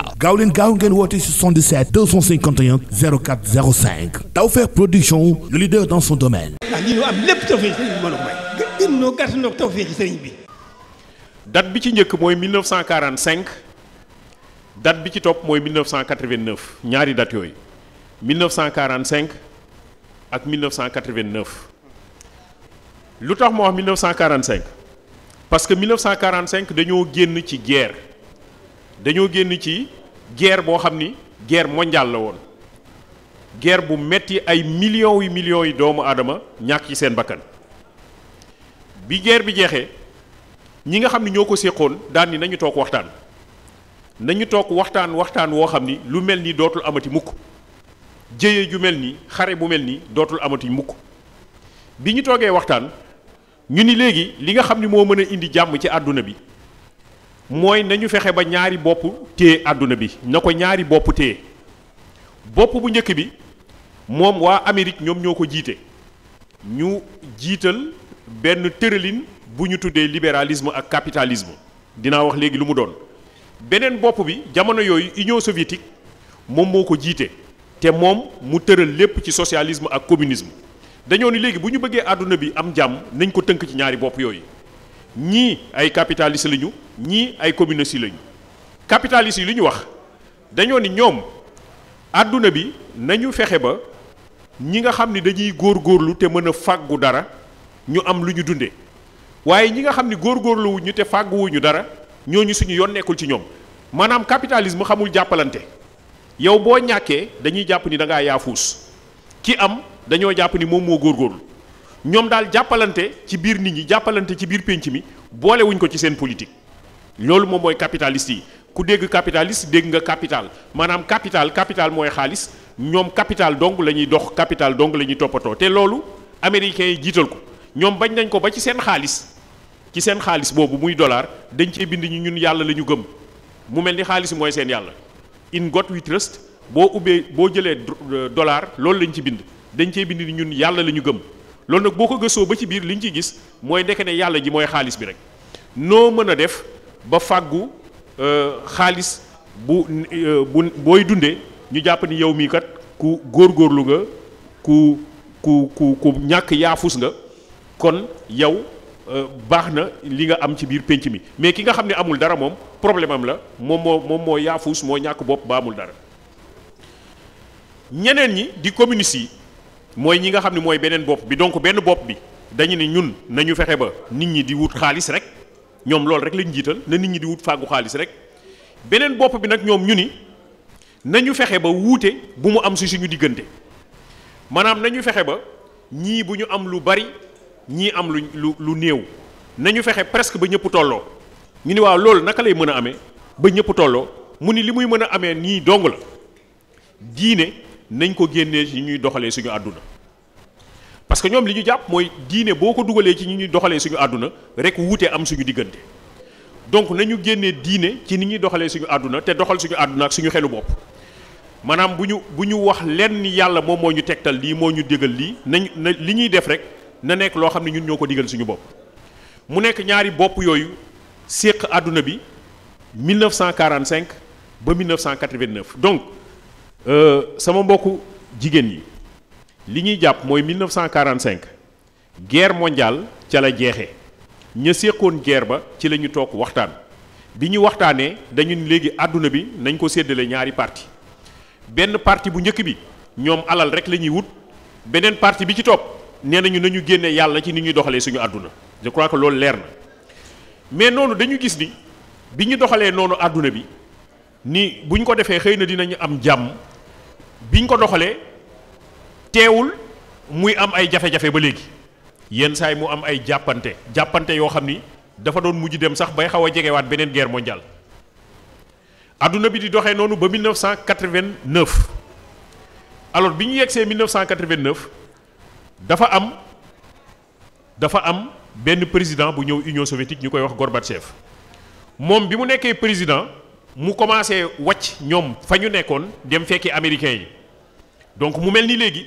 waaw gaaw leen gaaw ngeen woote 77 251 04 05 Tawfekh Production dans son domaine. ah bi mën a may. gën noo gàtt noo tawfeex bi. ci njëkk mooy 1945 date bi ci topp mooy 1989 ñaari date yooyu 1945 ak 1989 lu tax moo wax 1945 parce que 1945 dañoo génn ci guerre. dañoo génn ci guerre boo xam ni guerre mondiale la woon guerre bu metti ay millions yu millions yi doomu aadama ñàkk ci seen bakkan bi guerre bi jeexee ñi nga xam ni ñoo ko séqoon daan ni nañu toog waxtaan nañu toog waxtaan waxtaan woo xam ni lu mel ni dootul amati mukk jëye ju mel ni xare bu mel ni dootul amati mukk bi ñu toogee waxtaan ñu ni léegi li nga xam ni moo mën a indi jàmm ci àdduna bi mooy nañu fexe ba ñaari bopp téye àdduna bi na ko ñaari bopp téye bopp bu njëkk bi moom waa Amérique ñoom ñoo ko jiite ñu jiital benn tëralin bu ñu tuddee libéralisme ak capitalisme dinaa wax léegi lu mu doon beneen bopp bi jamono yooyu Union soviétique moom moo ko jiite te moom mu tëral lépp ci socialisme ak communisme dañoo ni léegi bu ñu bëggee àdduna bi am jàmm nañ ko tënk ci ñaari bopp yooyu ñii ay capitaliste la ñu ñii ay communiste la ñu capitaliste yi lu ñu wax dañoo ni ñoom àdduna bi nañu fexe ba ñi nga xam ni dañuy góor góorlu te mën a fàggu dara ñu am lu ñu dunde waaye ñi nga xam ni góorgóorluwuñu te fàgguwuñu dara ñoo ñu suñu yoon nekkul ci ñoom maanaam capitalisme xamul jàppalante yow boo ñàkkee dañuy jàpp ni da ngaa yaafuus ki am dañoo jàpp ni moom moo góorlu ñoom daal jàppalante ci biir nit ñi jàppalante ci biir pénc mi boolewuñ ko ci seen politique loolu moom mooy capitaliste yi ku dégg capitaliste dégg nga capital maanaam capital capital mooy xaalis ñoom capital donc la ñuy dox capital donc la ñuy toppatoo te loolu américains yi jiital ko ñoom bañ nañ ko ba ci seen xaalis ci seen xaalis boobu muy dollar dañ cee bind ñu ñun yàlla la ñu gëm mu mel ni xaalis mooy seen yàlla in God we trust boo ubbee boo jëlee dollar loolu lañ ci bind dañ cee bind ni ñun yàlla la ñu gëm loolu nag boo ko gëstoo ba ci biir li ñu ciy gis mooy nekk ne yàlla ji mooy xaalis bi rek noo mën a def ba fàggu euh, xaalis bu euh, bu booy dundee ñu jàpp ni yow mii kat ku góor góorgóorlu nga ku ku ku ku ñàkk yaafus nga kon yow euh, baax na li nga am ci biir pénc mi mais ki nga xam ne amul dara moom problème am la moom moo moom moo yaafus moo ñàkk bopp ba amul dara ñeneen ñi di communiste mooy ñi nga xam ne mooy beneen bopp bi donc benn bopp bi dañu ne ñun nañu fexe ba nit ñi di wut xaalis rek ñoom loolu rek lañu jiital na nit ñi di wut fàggu xaalis rek beneen bopp bi nag ñoom ñu ni nañu fexe ba wuute bu mu am si suñu diggante maanaam nañu fexe ba ñii bu ñu am lu bari ñii am lu lu lu néew nañu fexe presque ba ñëpp tolloo ñu ni waaw loolu naka lay mën a amee ba ñëpp tolloo mu ni li muy mën a amee nii dong la diine nañ ko génnee ci ñuy doxalee suñu àdduna parce que ñoom li ñu jàpp mooy diine boo ko dugalee ci ñu ñuy doxalee suñu àdduna rek wuute am suñu diggante donc nañu génnee diine ci ni ñuy doxalee suñu àdduna te doxal suñu àdduna ak suñu xelu bopp maanaam bu ñu bu ñu wax lenn yàlla moom moo ñu tegtal lii moo ñu dégal lii nañ na li ñuy def rek na nekk loo xam ne ñun ñoo ko digal suñu bopp mu nekk ñaari bopp yooyu séq àdduna bi 1945 ba 1989 donc Euh, sama mbokku jigéen ñi li ñuy jàpp mooy 1945 guerre mondiale ca la jeexee ña séqoon guerre ba ci la ñu toog waxtaan bi ñu waxtaanee dañu léegi àdduna bi nañ ko séddale ñaari parti benn parti bu njëkk bi ñoom alal rek la ñuy wut beneen parti bi ci topp nee nañu nañu génne yàlla ci ni ñuy doxalee suñu àdduna je crois que loolu leer na mais noonu dañu gis ni bi ñu doxalee noonu àdduna bi ni buñ ko defee xëy na dinañu am jàmm biñ ko doxalee teewul muy am ay jafe-jafe ba léegi yenn saay mu am ay jàppante jàppante yoo xam ni dafa doon mujj dem sax bay xaw a jegewaat beneen guerre mondiale adduna bi di doxee noonu ba 1989 alors bi ñu yegsee 1989 dafa am dafa am benn président bu ñëw Union soviétique ñu koy wax Gorbatchev moom bi mu nekkee président. mu commencé wacc ñoom fa ñu nekkoon dem fekki américains yi donc mu mel ni léegi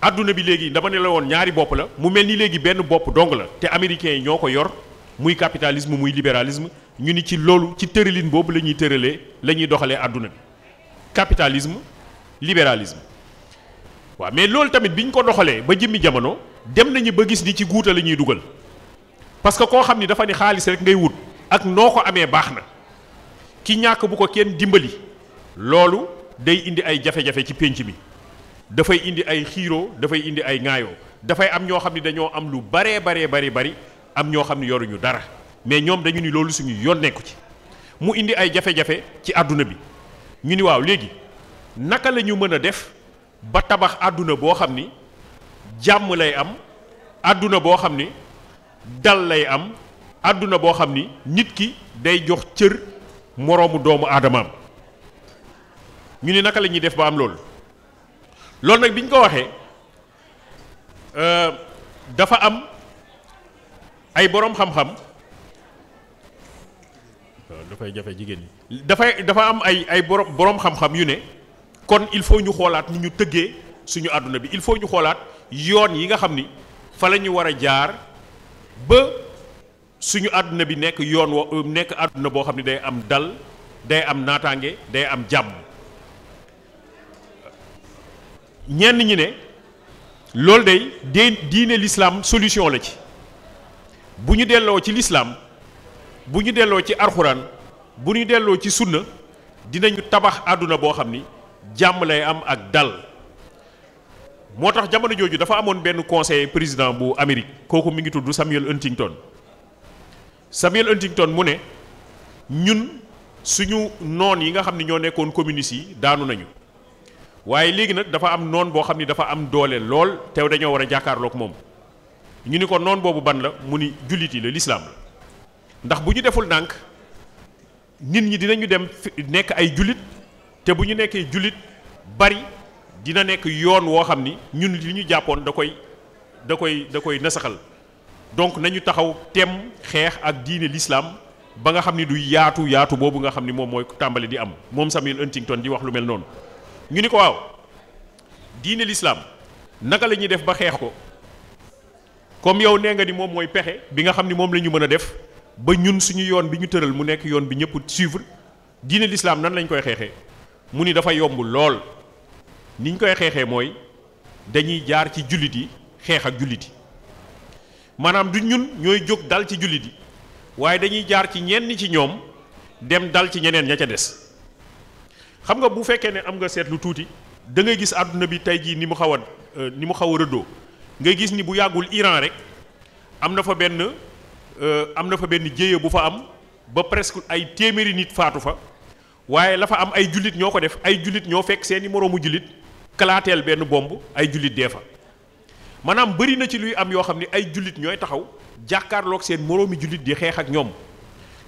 àdduna bi léegi dama ne la woon ñaari bopp la mu mel ni léegi benn bopp dong la te américains yi ñoo ko yor muy capitalisme muy libéralisme ñu ni ci loolu ci tëralin boobu la ñuy tëralee la ñuy doxalee àdduna bi capitalisme libéralisme waaw mais loolu tamit bi ñu ko doxalee ba jëmmi jamono dem nañu ba gis ni ci guuta la ñuy dugal parce que koo xam ni dafa ni xaalis rek ngay wut ak noo ko amee baax na ki ñàkk bu ko kenn dimbali loolu day indi ay jafe-jafe ci pénc mi dafay indi ay xiiroo dafay indi ay ŋaayoo dafay am ñoo xam ni dañoo am lu baree baree bari bari am ñoo xam ni yoruñu dara mais ñoom dañu ni loolu suñu yoon nekku ci mu indi ay jafe-jafe ci àdduna bi ñu ni waaw léegi naka lañu ñu mën a def ba tabax àdduna boo xam ni jàmm lay am àdduna boo xam ni dal lay am àdduna boo xam ni nit ki day jox cër moroomu doomu aadamam ñu ni naka lañuy def ba am loolu loolu nag bi ñu ko waxee euh, dafa am ay boroom xam-xam dafay jafe jigéen ñi dafay dafa am ay ay boroom boroom xam-xam yu ne kon il faut ñu xoolaat ni ñu tëggee suñu àdduna bi il faut ñu xoolaat yoon yi nga xam ni fa la ñu war a jaar ba suñu àdduna bi nekk yoon wa euh, nekk àdduna boo xam ne day am dal day am naataange day am jàmm ñenn ñi ne loolu day dee diine l'islam solution la ci bu ñu delloo ci lislaam bu ñu delloo ci arxuraan bu ñu delloo ci sunna dinañu tabax àdduna boo xam ni jàmm lay am ak dal moo tax jamono jooju dafa amoon benn conseiller président bu Amérique kooku mu ngi tudd Samuel Huntington Samuel Huntington mu ne ñun suñu noon yi nga xam ne ñoo nekkoon communistes yi daanu nañu waaye léegi nag dafa am noon boo xam ni dafa am doole lool teew dañoo war a jàkkaarloog moom ñu ni ko noon boobu ban la mu ni jullit yi la lislaam la ndax bu ñu deful ndànk nit ñi dinañu dem nekk ay jullit te bu ñu nekkee jullit bari dina nekk yoon woo xam ni ñun li ñu jàppoon da koy da koy da koy nasaxal donc nañu taxaw temm xeex ak diine l'islam ba nga xam ni du yaatu yaatu boobu nga xam ni moom mooy tàmbali di am moom Samuel Huntington di wax lu mel noonu ñu ni ko waaw diine lislaam naka la ñuy def ba xeex ko comme yow nee nga ni moom mooy pexe bi nga xam ni moom la ñu mën a def ba ñun suñu yoon bi ñu tëral mu nekk yoon bi ñëpp suivre diine lislaam nan lañ koy xeexee mu ni dafa yomb lool niñ koy xeexee mooy dañuy jaar ci jullit yi xeex ak jullit yi maanaam du ñun ñooy jóg dal ci jullit yi waaye dañuy jaar ci ñenn ci ñoom dem dal ci ñeneen ña ca des xam nga bu fekkee ne am nga seet lu tuuti da ngay gis àdduna bi tey jii ni mu xaw a euh, ni mu xaw a rëddoo ngay gis ni bu yàggul Iran rek am na fa benn euh, am na fa benn jéye bu fa am ba presque ay téeméeri nit faatu fa waaye la fa am ay jullit ñoo ko def ay jullit ñoo fekk seeni moroomu jullit kalaateel benn bomb ay jullit dee fa maanaam bari na ci luy am yoo xam ni ay jullit ñooy taxaw jàkkaarloog seen moroomi jullit di xeex ak ñoom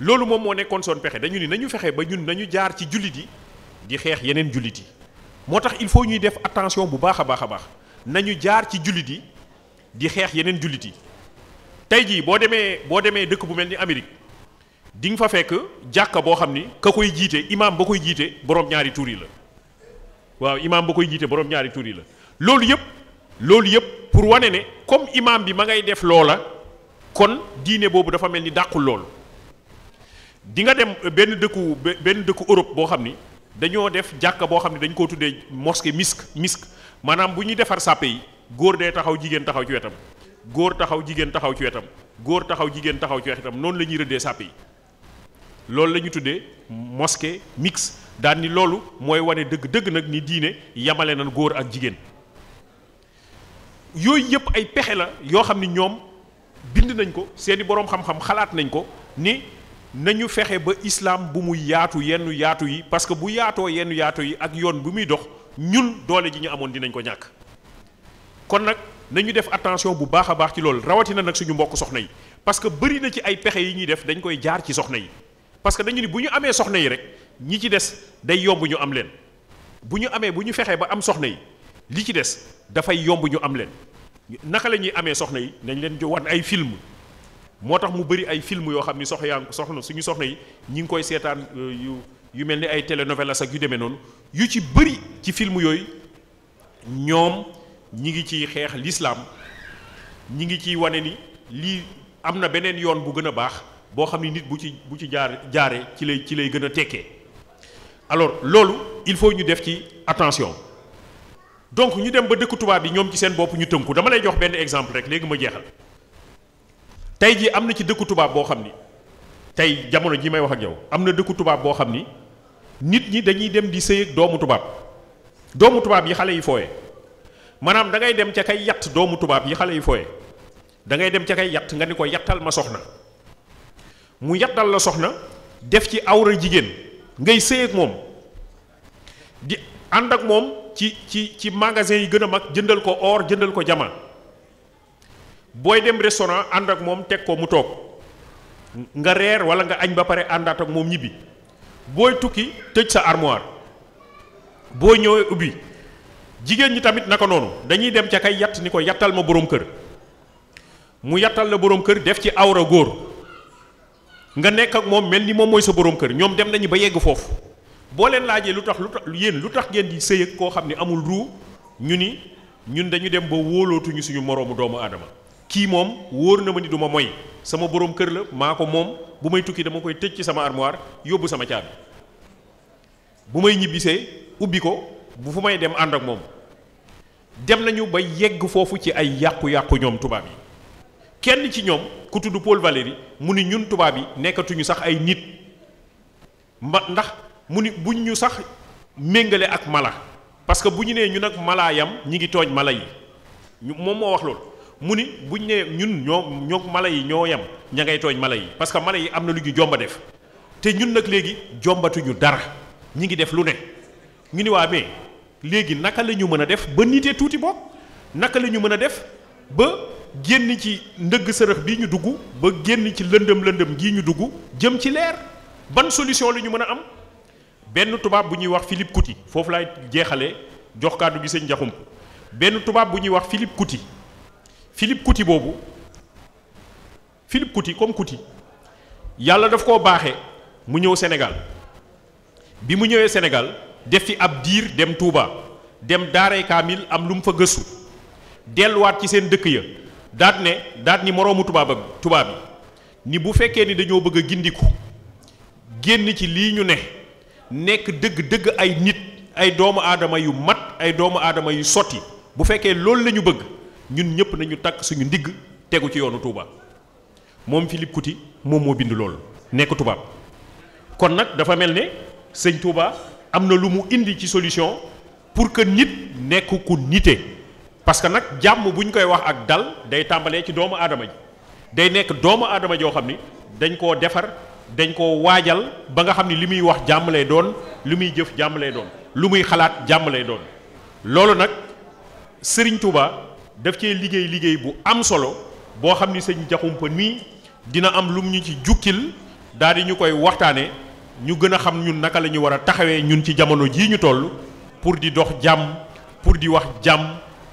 loolu moom moo nekkoon soon pexe dañu ni nañu fexe ba ñun nañu jaar ci jullit yi di xeex yeneen jullit yi moo tax il faut ñuy def attention bu baax a baax a baax nañu jaar ci jullit yi di xeex yeneen jullit yi tey jii boo demee boo demee dëkk bu mel ni Amérique di nga fa fekk jàkka boo xam ni ka koy jiite imaam ba koy jiite borom ñaari tuuri la waaw imaam ba koy jiite borom ñaari tuur la loolu yëpp. loolu yëpp pour wane ne comme imaam bi ma ngay def loola kon diine boobu dafa mel ni dàqul loolu di nga dem benn dëkku benn dëkku Europe boo xam ni dañoo def jàkka boo xam ne dañ koo tuddee mosquée misk misk maanaam bu ñuy defar sàppe yi góor dee taxaw jigéen taxaw ci wetam góor taxaw jigéen taxaw ci wetam góor taxaw jigéen taxaw ci wetam noonu la ñuy rëddee sàppe yi loolu la ñu tuddee moske mixte daan ni loolu mooy wane dëgg-dëgg nag ni diine yamale nan góor ak jigéen yooyu yëpp ay pexe la yoo xam ni ñoom bind nañ ko seeni boroom xam-xam xalaat nañ ko ni nañu fexe ba islam bu muy yaatu yenn yaatu yi parce que bu yaatoo yenn yaatu yi ak yoon bu muy dox ñun doole ji ñu amoon dinañ ko ñàkk kon nag nañu def attention bu baax a baax ci loolu rawatina nag suñu mbokk soxna yi parce que bëri na ci ay pexe yi ñuy def dañ koy jaar ci soxna yi parce que dañu ni bu ñu amee soxna yi rek ñi ci des day yomb ñu am leen bu ñu amee bu ñu fexee ba am soxna yi li ci des dafay yomb ñu am leen naka la ñuy amee soxna yi nañ leen di wan ay film moo tax mu bëri ay film yoo xam ni sox yaa soxna suñu soxna yi ñi ngi koy seetaan euh, yu yu mel ni ay telenovelas ak yu demee noonu yu ci bëri ci film yooyu ñoom ñi ngi ciy xeex lislaam ñi ngi ciy wane ni lii am na beneen yoon bu gën a baax boo xam ni nit bu ci bu ci jaar jaaree ci lay ci lay gën a tekkee alors loolu il faut ñu def ci attention donc ñu dem ba dëkk tubaab yi ñoom ci seen boppu ñu tënku dama lay jox benn exemple rek léegi ma jeexal tey jii am na ci dëkku tubaab boo xam ni tey jamono ji may wax ak yow am na dëkku tubaab boo xam ni nit ñi dañuy dem di sëy ak doomu tubaab doomu tubaab yi xale yi fooye maanaam da ngay dem ca kay yat doomu tubaab yi xale yi fooye da ngay dem ca kay yat nga ni ko yattal ma soxna mu yattal la soxna def ci awra jigéen ngay sëy ak moom di ànd ak moom. ci ci ci magasin yi gën a mag jëndal ko or jëndal ko jama booy dem restaurant ànd ak moom teg ko mu toog nga reer wala nga añ ba pare àndaat ak moom ñibbi booy tukki tëj sa armoire booy ñëwee ubbi jigéen ñi tamit naka noonu dañuy dem ca kay yatt ni ko yattal ma boroom kër mu yattal la boroom kër def ci awra góor nga nekk ak moom mel ni moom mooy sa boroom kër ñoom dem nañu ba yegg foofu boo leen laajee lu tax lu tax yéen lu tax ngeen di sëy ak koo xam ne amul ruu ñu ni ñun dañu dem ba wóolootuñu suñu moroomu doomu aadama kii moom wóor na ma ni du ma moy sama boroom kër la maa ko moom bu may tukki dama koy tëj ci sama armoire yóbbu sama caabi bu may ñibbisee ubbi ko bu fu may dem ànd ak moom dem nañu ba yegg foofu ci ay yàqu-yàqu ñoom tubaab yi kenn ci ñoom ku tudd Paul Valéry mu ni ñun tubaab yi nekkatuñu sax ay nit ma ndax mu ni buñ ñu sax méngale ak mala parce que bu ñu nee ñun ak malaa yam ñi ngi tooñ mala yi ñu moom moo wax loolu mu ni bu ñu nee ñun ñoo ñoo mala yi ñoo yam ña ngay tooñ mala yi parce que mala yi am na lu ñu jomba def te ñun nag léegi jombatuñu dara ñi ngi def lu ne ñu ni waa mais léegi naka lañu mën a def ba niitee tuuti bokk naka la ñu mën a def ba génn ci ndëgg sërëx bii ñu dugg ba génn ci lëndëm lëndëm gii ñu dugg jëm ci leer ban solution la ñu mën a am benn tubaab bu ñuy wax Philippe Couti foofu laay jeexale jox kàddu bi sëñ Njaxump benn tubaab bu ñuy wax Philippe Couti Philippe Couti boobu Philippe Couti comme Couti yàlla daf koo baaxe mu ñëw senegal bi mu ñëwee senegal def fi ab diir dem tuuba dem daaray kaamil am lu mu fa gëstu delluwaat ci seen dëkk ya daat ne daat ni moroomu tubaab ak tubaab ni bu fekkee ni dañoo bëgg a gindiku génn ci lii ñu ne nekk dëgg-dëgg ay nit ay doomu aadama yu mat ay doomu aadama yu sotti bu fekkee loolu la ñu bëgg ñun ñëpp nañu takk suñu ndigg tegu ci yoonu Touba moom Philippe Couti moom moo bind loolu nekk tubaab kon nag dafa mel ne sëñ Touba am na lu mu indi ci solution pour que nit nekk ku nite parce que nag jàmm bu ñu koy wax ak dal day tàmbalee ci doomu aadama ji day nekk doomu aadama joo xam ni dañ koo defar dañ ko waajal ba nga xam ni li muy wax jàmm lay doon li muy jëf jàmm lay doon lu muy xalaat jàmm lay doon loolu nag sëriñ Touba def cee liggéey liggéey bu am solo boo xam ni sëñ Jaxumpa mii dina am lum ñu ci jukkil daal di ñu koy waxtaane ñu gën a xam ñun naka la ñu war a taxawee ñun ci jamono jii ñu toll pour di dox jàmm pour di wax jàmm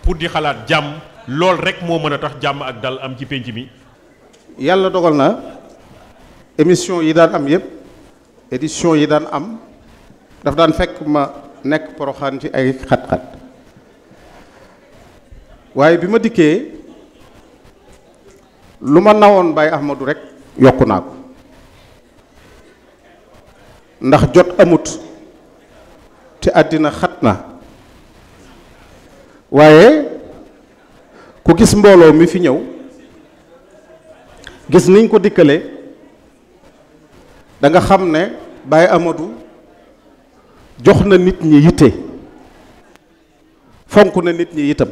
pour di xalaat jàmm lool rek moo mën a tax jàmm ak dal am ci pénc mi. yàlla dogal na. émission yi daan am yëpp édition yi daan am daf daan fekk ma nekk poroxaan ci ay xat-xat waaye bi ma dikkee lu ma nawoon Baye Ahmadou rek yokku naa ko ndax jot amut te àddina xat na waaye ku gis mbooloo mi fi ñëw gis niñ ko dikkale da nga xam ne Baye Amadou jox na nit ñi yitte fonk na nit ñi itam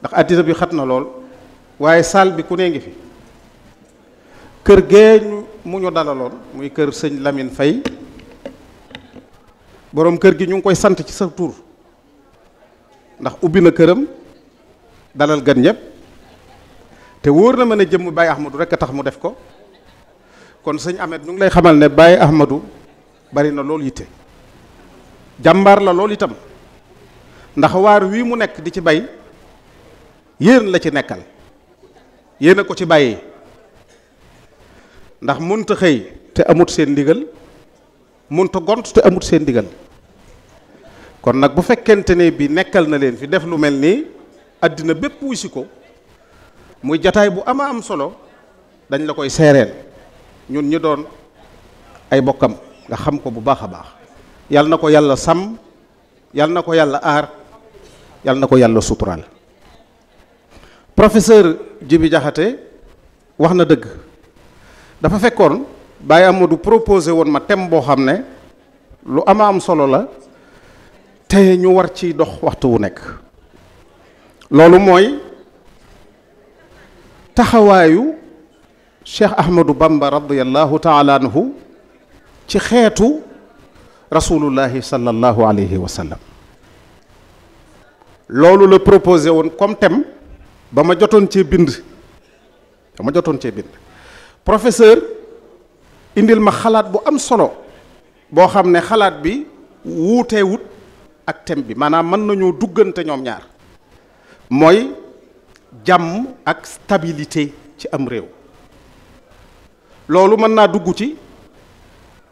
ndax addina bi xat na lool waaye saal bi ku nee ngi fi kër gee mu ñu dalaloon muy kër sëñ lamin Faye boroom kër gi ñu ngi koy sant ci sa tur ndax ubbi na këram dalal gan ñëpp te wóor na ma ne jëmm bàyyi Ahmadou rek a tax mu def ko kon sëñ Ahmed nu ngi lay xamal ne Baye Ahmadou bari na lool yitte jàmbaar la lool itam ndax waar wii mu nekk di ci bay yéen la ci nekkal yéen a ko ci bàyyee ndax munta xëy te amut seen ndigal munta gont te amut seen ndigal kon nag bu fekkente ne bi nekkal na leen fi def lu mel nii àddina bépp wuy si ko muy jataay bu ama am solo dañ la koy seereel ñun ñu doon ay bokkam nga xam ko bu baax a baax yal na ko yàlla sàmm yal na ko yàlla aar yal na ko yàlla suturaal professeur jibi Diakhaté wax na dëgg dafa fekkoon Baye du proposé woon ma thème boo xam ne lu ama am solo la te ñu war ciy dox waxtu wu nekk loolu mooy taxawaayu cheikh ahmadou bamba radiallahu taala anhu ci xeetu rasulullahi sallallahu alayhi wa sallam loolu la proposé woon comme thème ba ma jotoon cee bind ba jotoon cee bind professeur indil ma xalaat bu am solo boo xam ne xalaat bi wuutee wut ak thème bi maanaam mën nañoo duggante ñoom ñaar mooy jàmm ak stabilité ci am réew loolu mën naa dugg ci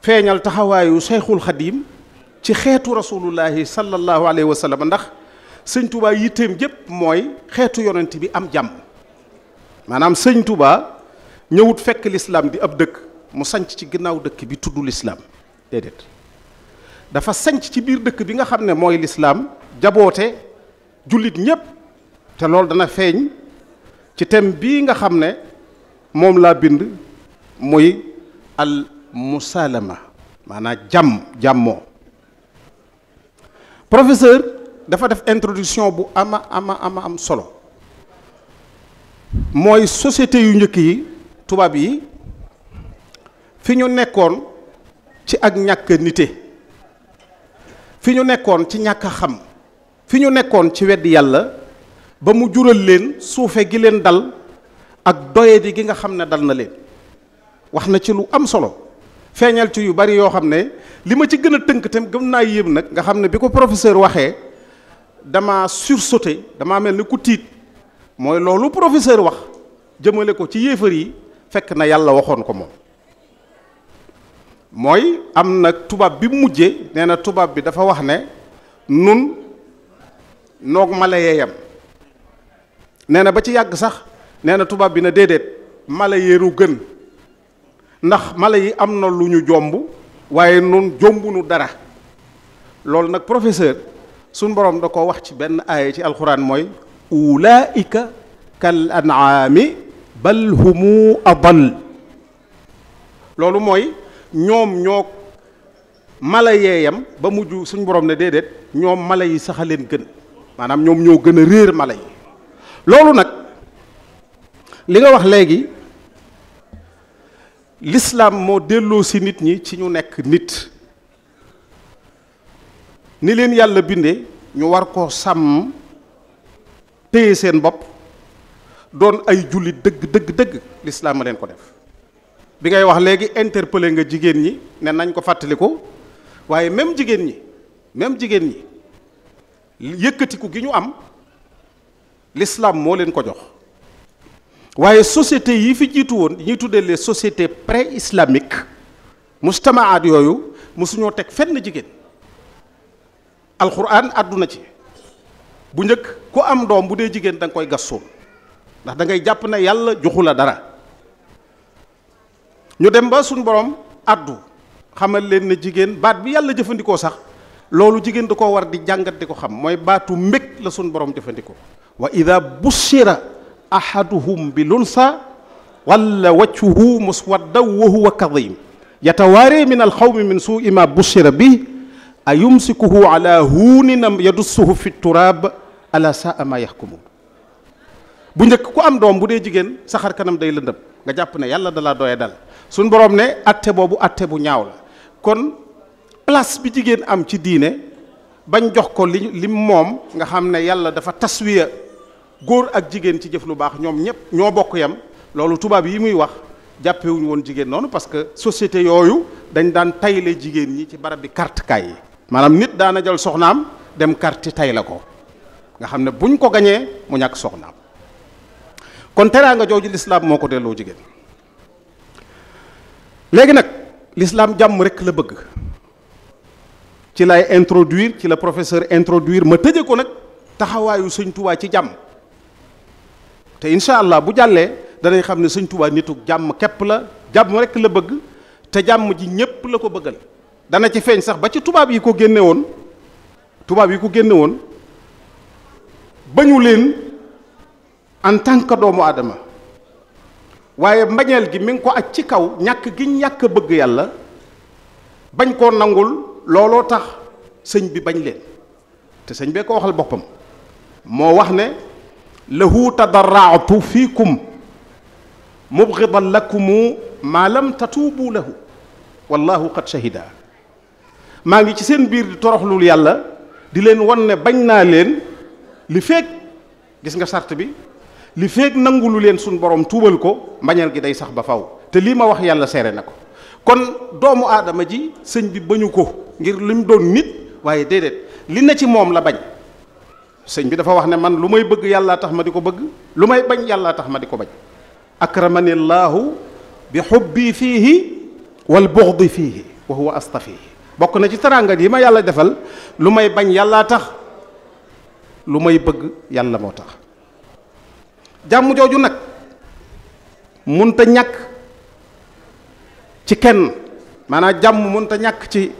feeñal taxawaayu Cheikhul Khadim ci xeetu rasulullahi sallallahu alayhi wa sallam ndax sëñ Touba yitteem yépp mooy xeetu yonent bi am jàmm maanaam sëñtubaa ñëwut fekk lislaam di ab dëkk mu sañc ci ginnaaw dëkk bi tudd lislaam dafa sanc ci biir dëkk bi nga xam ne mooy lislaam jaboote jullit ñépp te loolu dana feeñ ci thème bii nga xam ne moom laa bind muy al ma maanaa jàmm jàmmoo professeur dafa def introduction bu ama ama ama am solo mooy société yu njëkk yi tubaab yi fi ñu nekkoon ci ak ñàkk nite fi ñu nekkoon ci ñàkk xam fi ñu nekkoon ci wedd yàlla ba mu jural leen suufe gi leen dal ak doyadi gi nga xam ne dal na leen wax na ci lu am solo feeñal ci yu bari yoo xam ne li ma ci gën a tënk tam gëm naa yéem nag nga xam ne bi ko professeur waxee dama sursauté damaa mel ni ku tiit mooy loolu professeur wax jëmale ko ci yéefar yi fekk na yàlla waxoon ko moom mooy am na tubaab bi mujje nee na tubaab bi dafa wax ne nun noog mala yeeyam nee na ba ci yàgg sax nee na tubaab bi na déedéet mala yéeru gën ndax mala yi am na lu ñu jomb waaye nun jombu dara loolu nag professeur suñ boroom da ko wax ci benn aaya ci alxuraan mooy ulaika kal an'ami bal humu loolu mooy ñoom ñoo mala yeeyam ba mujj suñ borom ne déedéet ñoom mala yi sax a leen gën maanaam ñoom ñoo gën a réer mala yi loolu nag li nga wax léegi lislaam moo delloo si nit ñi ci ñu nekk nit ni leen yàlla bindee ñu war koo sàmm téye seen bopp doon ay jullit dëgg dëgg dëgg l'islam ma leen ko def bi ngay wax léegi interpellé nga jigéen ñi ne nañ ko fàttaliku waaye même jigéen ñi même jigéen ñi yëkkatiku gi ñu am lislaam moo leen ko jox waaye société yi fi jiitu woon ñuy tuddee les sociétés pré-islamiques mustamaat yooyu mosuñoo teg fenn jigéen alxuraan àdduna ci bu njëkk ku am doom bu dee jigéen da nga koy gas suum ndax da ngay jàpp na yàlla joxu la dara ñu dem ba suñ boroom addu xamal leen na jigéen baat bi yàlla jëfandikoo sax loolu jigéen da ko war di jàngat di ko xam mooy baatu mbég la suñ borom jëfandikoo wa ida bushira ahaduhum bil unsa walla wajhuhu muswaddan wa huwa kadhim yatawaari min alxawmi min suui ma bushira bi a yumsikuhu ala ma yahkumun bu njëkk ku am doom bu dee jigéen saxar kanam day lëndëm nga jàpp ne yàlla dalaa doye dal suñ boroom ne atte boobu atte bu ñaaw la kon place bi jigéen am ci diine bañ jox ko li lim moom nga xam ne yàlla dafa tas taswiya góor ak jigéen ci jëf lu baax ñoom ñëpp ñoo bokk yam loolu tubaab yi muy wax jàppewuñu woon jigéen noonu parce que société yooyu dañ daan tayle jigéen ñi ci barab bi carte kaay yi maanaam nit daana jël soxnaam dem carte tay la ko nga xam ne bu buñ ko gañee mu ñàkk soxnaam kon nga jooju lislaam moo ko delloo jigéen léegi nag lislaam jàmm rek la bëgg ci lay introduire ci la professeur introduir ma tëje ko nag taxawaayu sëñ tubaa ci jàmm te incha allah bu jàllee danañ xam ne sëñ tubaa nituk jàmm képp la jàmm rekk la bëgg te jàmm ji ñépp la ko bëggal dana ci feeñ sax ba ci tubaab yi ko génne woon tubaab yi ko génne woon bañu leen en tant que doomu aadama waaye mbañeel gi mi ngi ko aj ci kaw ñàkk gi ñàkk bëgg yàlla bañ koo nangul looloo tax sëñ bi bañ leen te sëñ bee ko waxal boppam moo wax ne lahu tadarraatu fiikum mubgidan lakumu maa tatu tatuubu lahu wallahu qad shahida maa ngi ci seen biir di toroxlul yàlla di leen wan ne bañ naa leen li feeg gis nga sart bi li feeg nangu lu leen suñ borom tuubal ko mbañeel gi day sax ba faw te lii ma wax yàlla seere na ko kon doomu aadama ji sëñ bi bëñu ko ngir li doon nit waaye déedéet li na ci moom la bañ sëñ bi dafa wax ne man lu may bëgg yàllaa tax ma di ko bëgg lu may bañ yàllaa tax ma di ko bañ akramani llaahu bi xubbi fiihi wal buxdi fiihi wa huwa astafihi bokk na ci teraanga yi ma yàlla defal lu may bañ yàllaa tax lu may bëgg yàlla moo tax jàmm jooju nag munta ñàkk ci kenn maanaam jàmm mënta ñàkk ci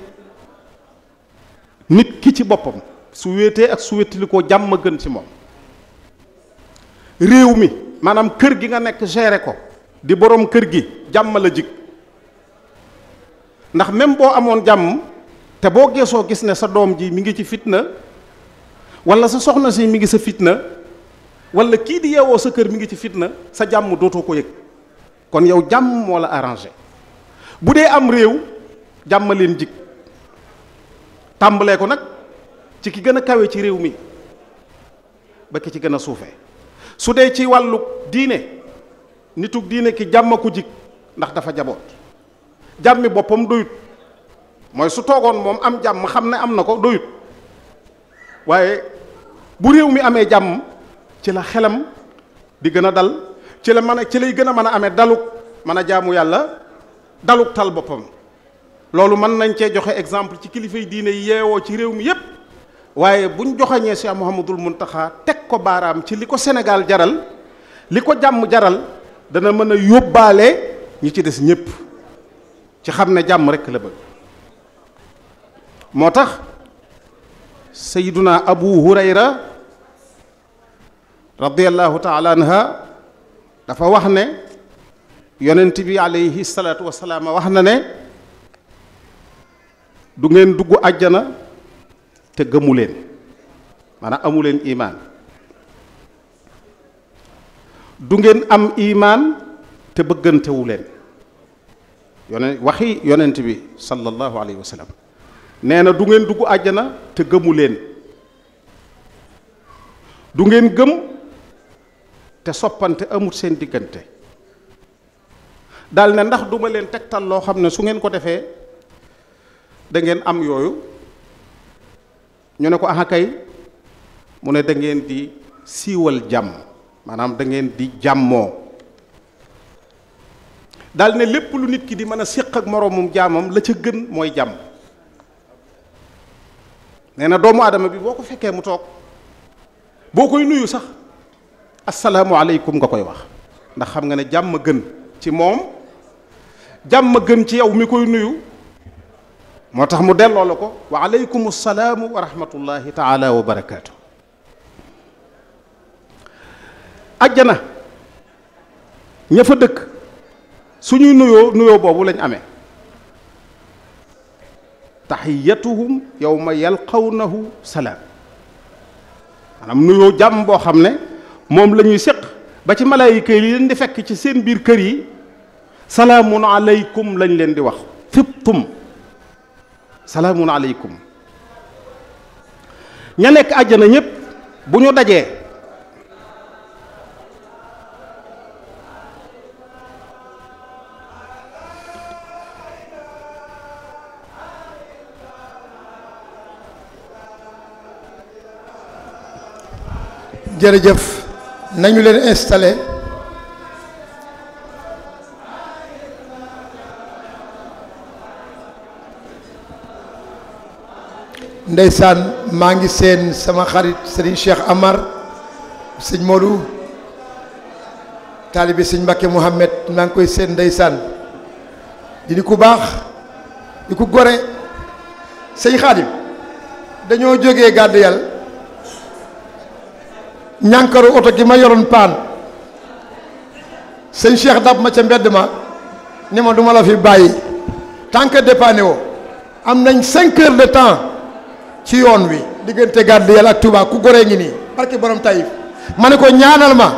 nit ki ci boppam su wéetee ak su wéttali ko jàmm gën ci moom réew mi maanaam kër gi nga nekk géré ko di boroom kër gi jàmm la jig ndax même boo amoon jàmm te boo geesoo gis ne sa doom ji mi ngi ci fitna walla sa soxna si mi ngi sa fitna wala kii di yeewoo sa kër mi ngi ci fitna sa jàmm dootu ko yëg kon yow jàmm moo la arrangé bu dee am réew jàmm leen jig tàmbalee ko nag ci ki gën a kawe ci réew mi ba ki ci gën a suufee su dee ci wàllu diine nitug diine ki jàmm ko jig ndax dafa jaboot jàmmi boppam doyut mooy su toogoon moom am jàmm xam ne am na ko doyut waaye bu réew mi amee jàmm ci la xelam di gën a dal ci la mën a ci lay gën a mën a amee daluk mën a jaamu yàlla daluk tal boppam loolu mën nañ cee joxe exemple ci kilifay diine yi yeewoo ci réew mi yépp waaye buñ joxañee Cheikh mun Muntaxa teg ko baaraam ci li ko Sénégal jaral li ko jàmm jaral dana mën a yóbbaale ñi ci des ñépp ci xam ne jàmm rekk la bëgg moo tax sayduna abu hurayra radiallahu taala dafa wax ne yonent bi aleyhi salaatu wasalaam wax na ne du ngeen dugg àjjana te gëmu leen amu leen imaan du ngeen am imaan te bëggantewu leen yonent waxi yonent bi sallallahu alayhi wa sallam nee na du ngeen dugg àjjana te gëmu leen du ngeen gëm te soppante amut seen diggante daal ne ndax duma leen tegtal loo xam ne su ngeen ko defee dangeen am yooyu ñu ne ko aha mu ne da ngeen di siiwal jàmm maanaam dangeen di jàmmoo daal ne lépp lu nit ki di mën a séq ak moroomum jaamam la ca gën mooy jàmm nee na doomu aadama bi boo ko fekkee mu toog boo koy nuyu sax asalaamualeykum nga koy wax ndax xam nga ne jàmm a gën ci moom jàmm gën ci yow mi koy nuyu moo tax mu delloo la ko wa aleykum asalaamu wa rahmatullahi taala wa barakaatu ajjana ña fa dëkk suñuy nuyoo nuyoo boobu lañ amee taxiyatuhum yowma yalqawnahu salaam maanaam nuyoo jàmm boo xam ne moom lañuy ñuy séq ba ci malaayika yi leen di fekk ci seen biir kër yi salaamun aleykum lañ leen di wax fibtum salaamun aleykum ña nekk àjjana ñëpp bu ñu dajee jërëjëf nañu leen installé ndeysaan maa ngi seen sama xarit sëriñ Cheikh Amar sëñ Modou taalibi sëñ Mbacke Mouhamed maa ngi koy seen ndeysaan di di ku baax di ku gore sëñ Xaadim dañoo jógee gàddu yàlla ñànkaru oto gi ma yoroon paan sëñ Cheikh dab ma ca mbedd ma ni ma duma la fi bàyyi tant que dépanné woo am nañ cinq heures de temps ci yoon wi diggante gàddu yàlla ak Touba ku goree ngi nii barke borom Taïf ma ne ko ñaanal ma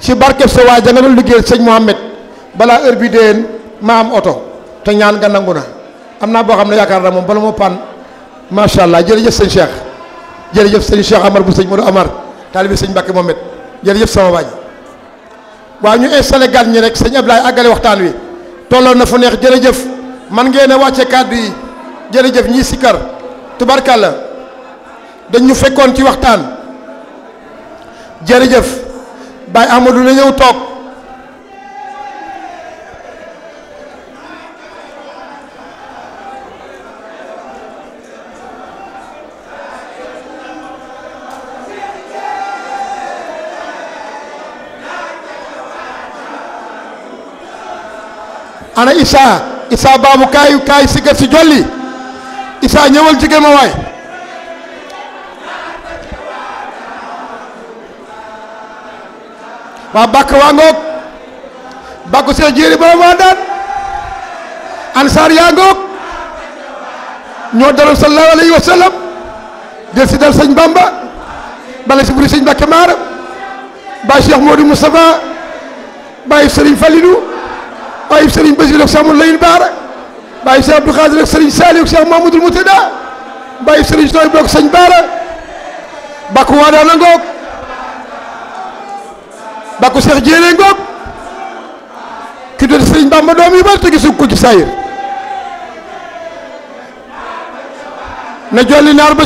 ci barkeb sa waa ja nga doon liggéeyal sëñ balaa heure bi déen ma am oto te ñaan nga nangu na am naa boo xam ne yaakaar na moom bala moo pan macha allah jërëjëf sëñ Cheikh jërëjëf sëñ Cheikh Amar bu sëñ Modou Amar taalibi sëñ Mbacke Mohamed jërëjëf sama waaj waaw ñu installé gàtt ñi rek sëñ Ablaye àggale waxtaan wi tolloon na fu neex jërëjëf man ngeen a wàcce jërëjëf ñii sikkar tubarkàlla dañ ñu fekkoon ci waxtaan jërëjëf Baye Amadou na ñëw toog ana Issa Issa baabu kaay kaay si gër si jolli Issa ñëwal jigéen ma waay waa bàkk waa ngoog bàkku see jéeri borom waa daan ansaar yaa ngoog ñoo dalal sallallahu alayhi wa del si dal sëñ Bamba bala si buri sëñ Mbàkke Maara bàyyi Cheikh Modou Moustapha bàyyi Sëriñ Falilou bàyyi Sëriñ Basiru ak Samul Layin Baara bàyyi Cheikh Abdou Khadir ak Serigne Saliou ak Cheikh Mahmoudou Moutada bàyyi Serigne Touba bi ak Sëñ Baara ngoog bakku Cheikh Jéene ngoog ki doon Serigne Bamba doom yu bari te gisu ko ci na jolli naar ba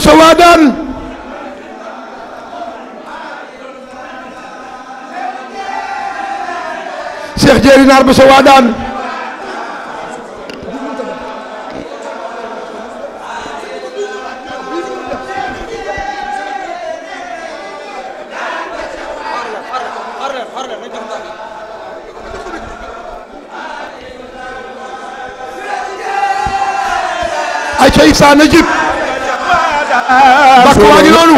Moussa na jib bakk waa ngi noonu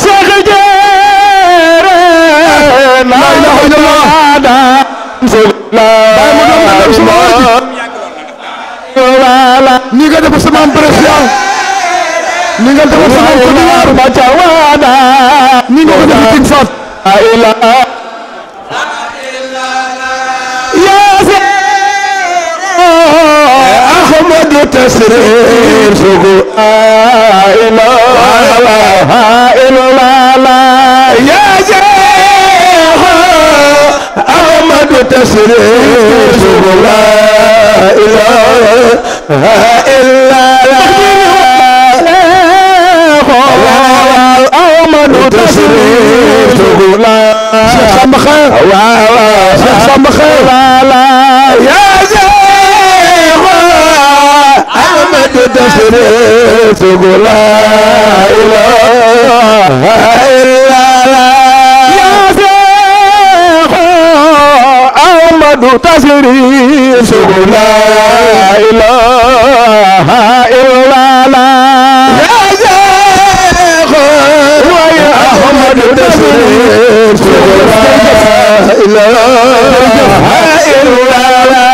Seex Jeere la ilaha illallah baay ma doom na dem suma waaj ni nga def sama président ni nga def sama Côte d'Ivoire ni nga def King Fahd محمد تسرير سوق لا إله إلا الله يا شيخ أحمد تسرير سوق لا إله إلا الله أحمد تسرير سوق لا شيخ سمخة شيخ سمخة أشريتك لا إله إلا لا يا شيخ أحمد تشريتك لا إله إلا لا يا شيخ ويا أحمد تشريتك لا إله إلا لا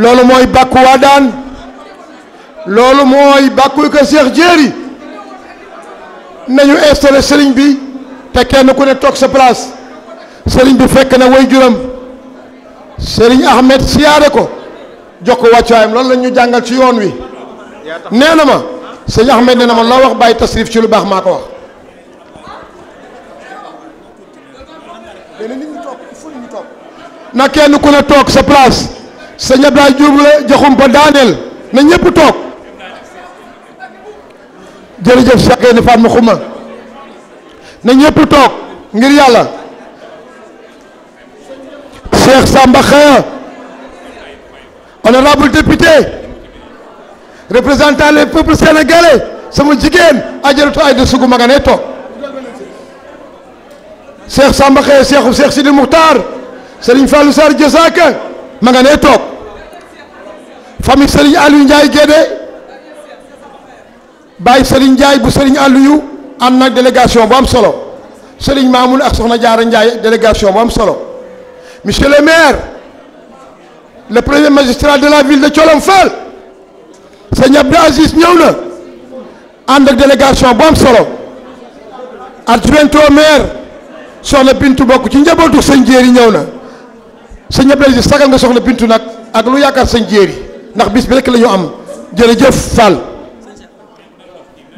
loolu mooy bàkku waa daan loolu mooy bàkku ko Cheikh Jéeri nañu installé sëriñ bi te kenn ku ne toog sa place sëriñ bi fekk na way juram sëriñ Ahmed siyaare ko jox ko wàccuwaayam loolu la ñu jàngal ci yoon wi nee na ma sëriñ Ahmed nee na ma loo wax bàyyi tasrif ci lu baax maa ko wax. na kenn ku ne toog sa place. sëñ Abdoulaye Diouf la jaxum ba daaneel na ñëpp toog jërëjëf Cheikh ñëpp toog yàlla Cheikh Samba Khaya honorable député représentant les peuples sénégalais sama jigéen ajaratu a de sugu ma nga ne toog Cheikh Samba Khaya Cheikhu Cheikh Sidi Moukhtar Serigne Fallou Sarr Diazaka ma nga ne toog famille Serigne Aliou Ndiaye Guédé Baye Serigne Ndiaye bu Serigne Aliou am nag délégation bu am solo Serigne Mamoun ak Soxna Diarra Ndiaye délégation bu am solo monsieur le maire le premier magistrat de la ville de Colom Fall sëñ Abdou Aziz ñëw na ànd ak délégation bu am solo adjoint au maire soxna Bintu bokk ci njabootu sëñ Jéeri ñëw na. sëñ Abdoulaye si sagal nga soxna Bintu nag ak lu yaakaar sëñ jéeri ndax bis bi rek la ñu am jërëjëf Fall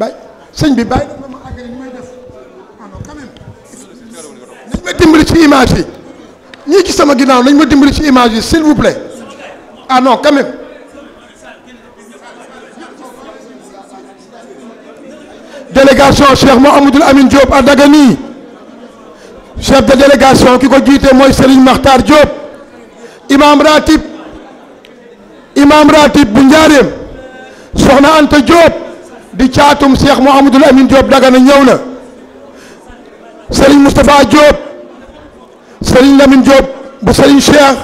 bay sëñ bi bàyyi dama ah, ma dimbali ci image yi ñii ci sama ginnaaw nañ ma dimbali ci image yi s'il vous plaît ah non quand même délégation Cheikh Mouhamadoul Amine Diop a Dagana nii chef de délégation ki ko jiite mooy Serigne Makhtar Diop. imam ratib imam ratib bu njaareem soxna Anta Diop di caatum Cheikh Mouhamadul Amin Diop Dagana ñëw na Serigne Moustapha Diop Serigne Lamine Diop bu Serigne Cheikh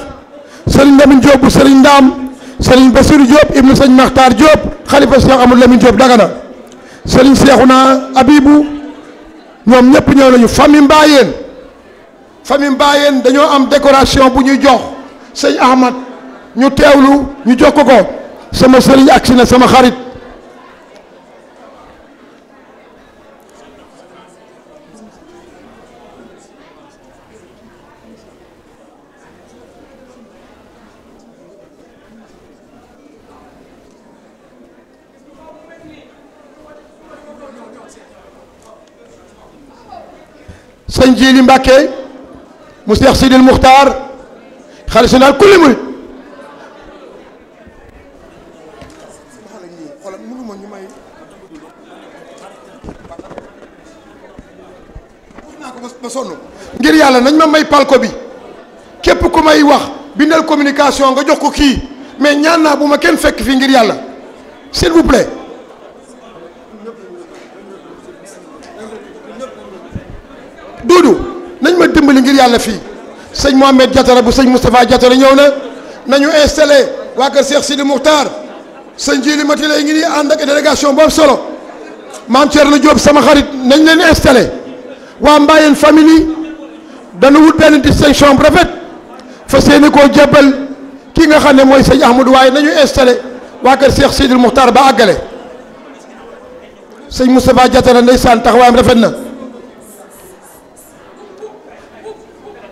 Serigne Lamine Diop bu Serigne Ndam Serigne Bassirou Diop ibnu Serigne Makhtar Diop xalifa Cheikh Amadou Lamine Diop Dagana Serigne Cheikhouna Abibou ñoom ñëpp ñëw nañu famille Mbayeen famille dañoo am décoration bu ñuy jox. sëñ Ahmad ñu teewlu ñu jokk ko sama sëriñ agsi na sama xarit sëñ Jili Mbàkke mu Seex Sidil Muxtaar xaalis su naan kulli ngir yàlla nañ ma may palko bi képp ku may wax bindal communication nga jox ko kii mais ñaan naa bu ma kenn fekk fii ngir yàlla s'il vous plaît nañ ma dimbali ngir yàlla fii sëñ Mohamed Diatara bu sëñ Moustapha Diatara ñëw na nañu installé waa kër Cheikh Sidi Moukhtar sëñ Jili Mati lay ngi nii ànd ak délégation boobu solo maam Thierno Diop sama xarit nañ leen installé waa Mbayeen famille dana wut benn distinction bu rafet fa seeni koo jébbal ki nga xam ne mooy sëñ Ahmadou waaye nañu installé waa kër Cheikh Sidi Moukhtar ba àggale sëñ Moustapha Diatara ndeysaan taxawaayam rafet na.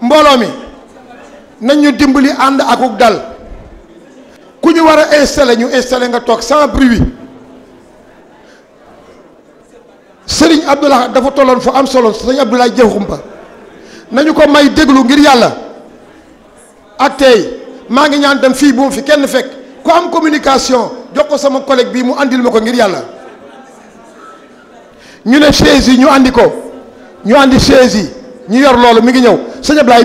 mbooloo mi nañ ñu dimbali ànd akuk dal ku ñu war a installé ñu installé nga toog sans wi sëriñ Abdoulaye dafa tolloon fu am solo sëriñ Abdoulaye Dieng Xumpa nañu ko may déglu ngir yàlla ak tey maa ngi ñaan dem fii bu fi kenn fekk ku am communication jox ko sama collègue bii mu andil ma ko ngir yàlla ñu ne chaise ñu andi ko ñu àndi chaise ñu yor loolu mi ngi ñëw sëñ Ablaye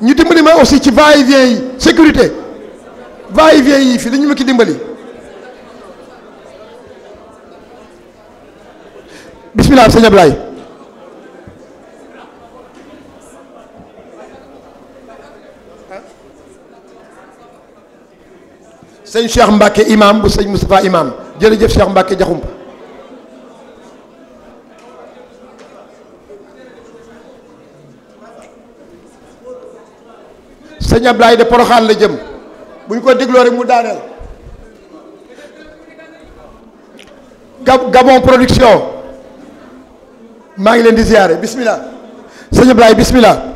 ñu dimbali ma aussi ci va et yi sécurité va-et-vient yi fii dañu ma ki dimbali bismillah sëñ Ablaye sëñ Cheikh Mbacke imam bu sëñ Cheikh Mbacke jaxum sëñ Ablaye de Poroxaan la jëm buñ ko dégloo rek mu daaneel Gabon production maa ngi leen di ziyaare bismillah sëñ Ablaye bismillah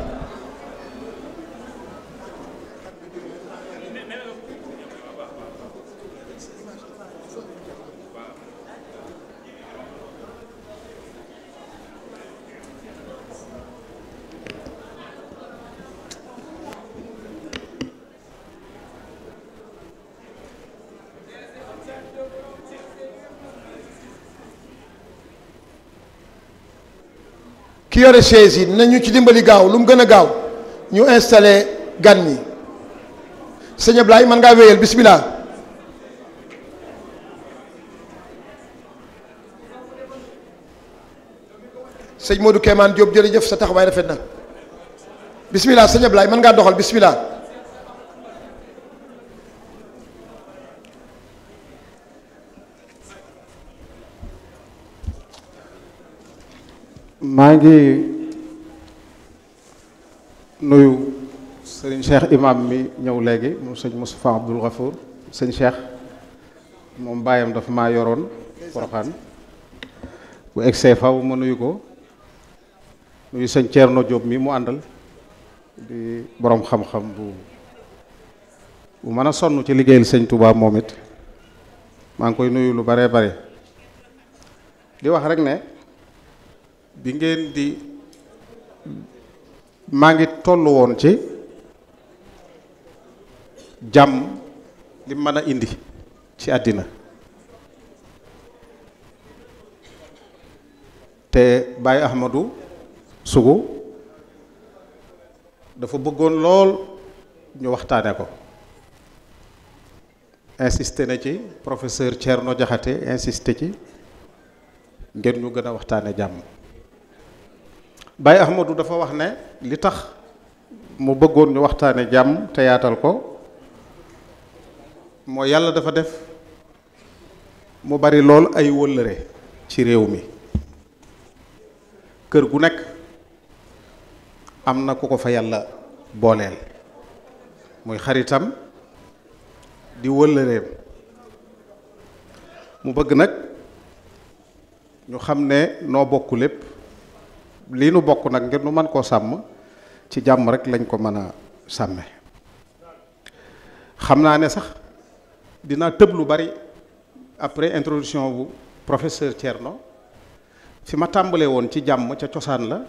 ki yore chaise yi nañu ci dimbali gaaw lu mu gën a gaaw ñu installé gan ñi sëñ Ablaye mën ngaa wéyal bisimilah. sëñ Modou Kéemaan Diop jërëjëf sa taxawaay rafet na bisimilah sëñ Ablaye mën ngaa doxal bisimilah. maa ngi nuyu sëriñ Cheikh imam mi ñëw léegi moom sëñ Moustapha Abdoul Ghafour sëñ Cheikh moom bàyyam dafa ma yoroon Porokhane bu egsee faw ma nuyu ko nuyu sëñ Thierno Diop mi mu àndal di borom xam-xam bu bu mën a sonn ci liggéeyal sëñ Touba moom it maa ngi koy nuyu lu bare bare di wax rek ne bi ngeen di maa ngi toll woon ci jàmm li mën a indi ci àddina te bàyyi Ahmadou Sougou dafa bëggoon lool ñu waxtaane ko insisté na ci professeur Thierno Diakhaté insisté ci ngeen ñu gën a waxtaane jàmm Baye Ahmadou dafa wax ne li tax mu bëggoon ñu waxtaane jàmm te yaatal ko moo yàlla dafa def mu bari lool ay wëllëre ci réew mi kër gu nekk am na ku ko fa yàlla booleel muy xaritam di wëllëreem mu bëgg nag ñu xam ne noo bokk lépp lii nu bokk nag ngir nu mën koo sàmm ci jàmm rek lañ ko mën a sàmme xam naa ne sax dinaa tëb lu bari après introduction bu professeur Thierno fi ma tàmbalee woon ci jàmm ca cosaan la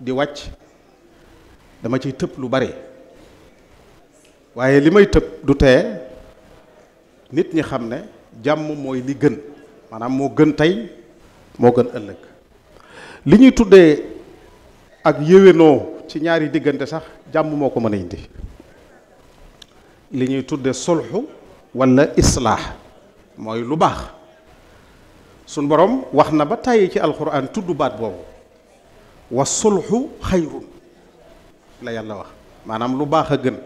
di wàcc dama ciy tëb lu bari waaye li may tëb du tee nit ñi xam ne jàmm mooy li gën maanaam moo gën tey moo gën ëllëg li ñuy tuddee ak yéwénoo ci ñaari diggante sax jàmm moo ko mën a indi li ñuy tudde sulxu wala islaax mooy lu baax suñ borom wax na ba tàyyi ci alxuraan tudd baat boobu wa sulxu xayrun la yàlla wax maanaam lu baax a gën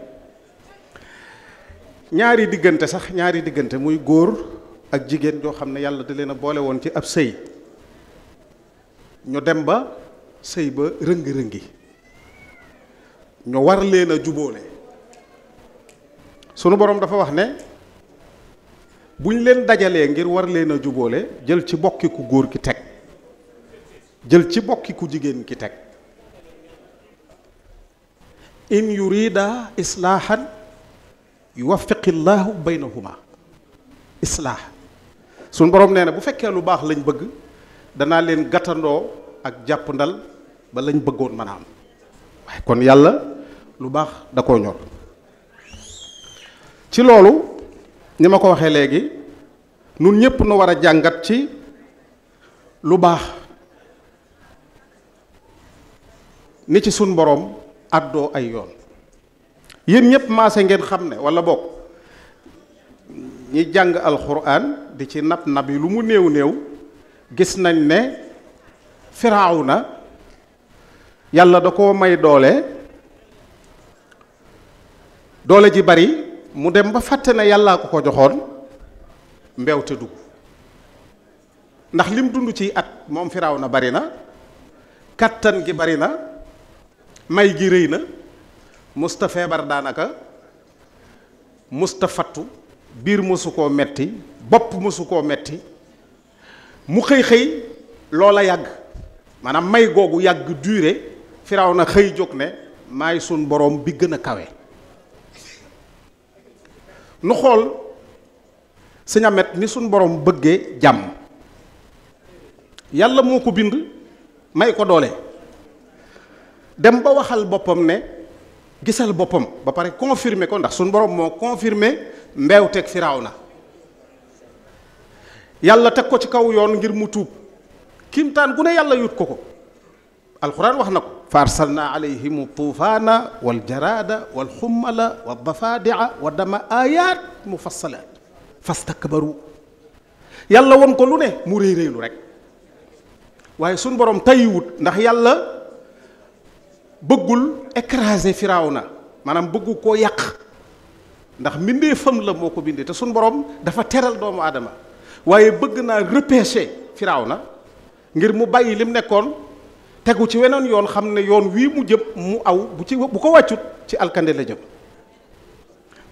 ñaari diggante sax ñaari diggante muy góor ak jigéen joo xam ne yàlla di leen a boole woon ci ab sëy ñu dem ba sëy ba rëngi-rëngi ñu war leen a jubale sunu boroom dafa wax ne bu ñu leen dajalee ngir war leen a jubóole jël ci bokki ku góor ki teg jël ci bokki ku jigéen ki teg in yurida islaahan yuwaffiqillaahu baynahuma islaah sunu borom nee na bu fekkee lu baax lañ bëgg danaa leen gàttandoo ak jàppandal ba lañ bëggoon mën a am waaye kon yàlla lu baax da koo ñor ci loolu ni ma ko waxee léegi nun ñëpp nu war a jàngat ci lu baax ni ci sun boroom àddoo ay yoon yéen ñëpp maase ngeen xam ne walla bokk ñi jàng alxuraan di ci nab nab yi lu mu néew néew gis nañ ne na yàlla da koo may doole doole ji bari mu dem ba fàtte na yàlla ko ko joxoon mbeew te dugg ndax lim dund ci at moom na bari na kattan gi bari na may gi rëy na musta feebar daanaka musta fattu biir mosu koo metti bopp mosu koo metti mu xëy xëy loola yàgg maanaam may googu yàgg durée firaw na xëy jóg ne maay suñ boroom bi gën a kawe nu xool sëñ Amet ni suñ borom bëggee jàmm yàlla moo ko bind may ko doole dem ba waxal boppam ne gisal boppam ba pare confirmer ko ndax suñ borom moo confirmer mbeewteeg firaaw na yàlla teg ko ci kaw yoon ngir mu tuub kimtaan gu ne yàlla yut ko ko alxuraan wax na ko fa arsalna alayhim tuufaana wal jaraada wal xummala wa dafaadia wa dama ayaat mufassalaat fastakbaru yàlla won ko lu ne mu réy réylu rek waaye suñ borom tayyiwut ndax yàlla bëggul écraser na maanaam bëggu koo yàq ndax mbindee fam la moo ko bindee te suñ borom dafa teral doomu aadama waaye bëgg naa repêcher na ngir mu bàyyi lim nekkoon tegu ci weneen yoon xam ne yoon wii mu jëp mu aw bu ci bu ko wàccut ci alkande la jëm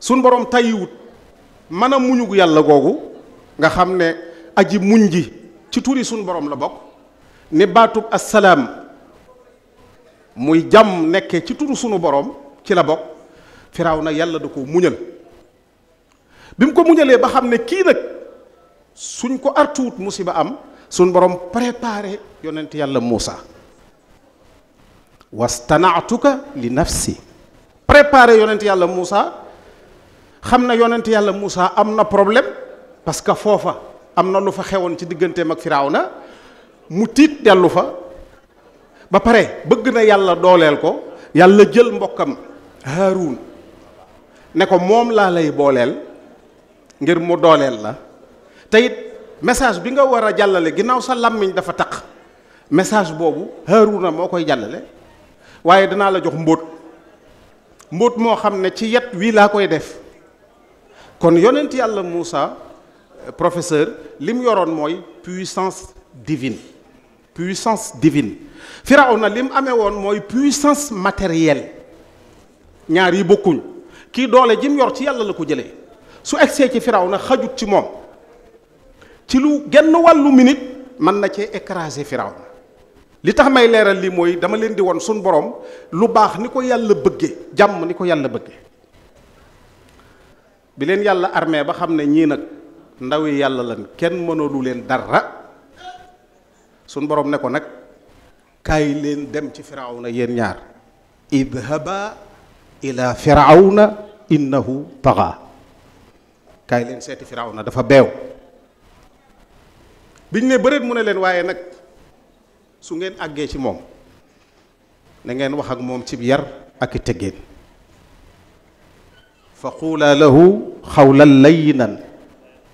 suñ borom tàyyiwut mën a muñug yàlla googu nga xam ne aji muñ ji ci turi suñ borom la bokk ni baatub assalaam muy jàmm nekke ci turu sunu borom ci la bokk na yàlla da ko muñal bi mu ko muñalee ba xam ne kii nag suñ ko artuwut musiba am suñ borom préparé yonent yàlla Muusa wastanaatuka li nafsi préparé yonent yàlla Muusa xam na yonent yàlla Muusa am na problème parce que foofa am na lu fa xewoon ci digganteem ak na mu tiit dellu fa ba pare bëgg na yàlla dooleel ko yàlla jël mbokkam Haaruun ne ko moom laa lay booleel ngir mu dooleel la te it message bi nga war a jàllale ginnaaw sa làmmiñ dafa tax message boobu na moo koy jàllale waaye danaa la jox mbóot mbóot moo xam ne ci yet wii laa koy def kon yonent yàlla Moussa euh, professeur li mu yoroon mooy puissance divine puissance divine Firawna li mu amee woon mooy puissance matérielle ñaar yi bokkuñ kii doole ji mu yor ci yàlla la ko jëlee su egsee ci na xajut ci moom ci lu genn wàllu minute mën na cee écraser Firawna li tax may leeral lii mooy dama leen di won suñ boroom lu baax ni ko yàlla bëgge jàmm ni ko yàlla bëgge bi leen yàlla armee ba xam ne ñii nag ndawi yàlla lan kenn mënalu leen dara suñ boroom ne ko nag kaay leen dem ci Firawna yéen ñaar idhaba ila Firawna innahu taxa kaay leen seeti Firawna dafa beew biñ ne bëreet mu ne leen waaye nag su ngeen àggee ci moom na ngeen wax ak moom ci yar ak i teggeen fa quula lahu xawlan layinan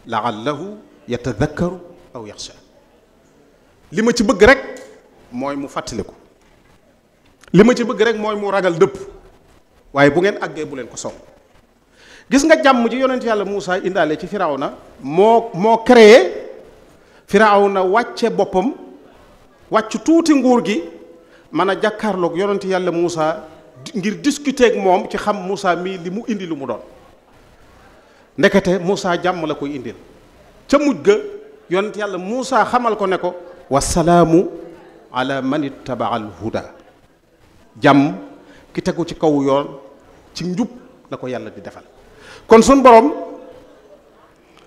laallahu yatadakkaru aw yaxsha li ma ci bëgg rek mooy mu fàttaliku li ma ci bëgg rek mooy mu ragal dëpp waaye bu ngeen àggee bu leen ko soow gis nga jàmm ji yonent yàlla Moussa indaale ci na moo moo créé na wàcce boppam wàcc tuuti nguur gi mën a jàkkaarloog yonent yàlla Moussa ngir discuter moom ci xam muusa mii li mu indi lu mu doon ndekete Moussa jàmm la koy indil ca mujj ga yonent yàlla Moussa xamal ko ne ko wasalaamu ala man ittabaal huda jàmm ki tegu ci kaw yoon ci njub la ko yàlla di defal kon sun borom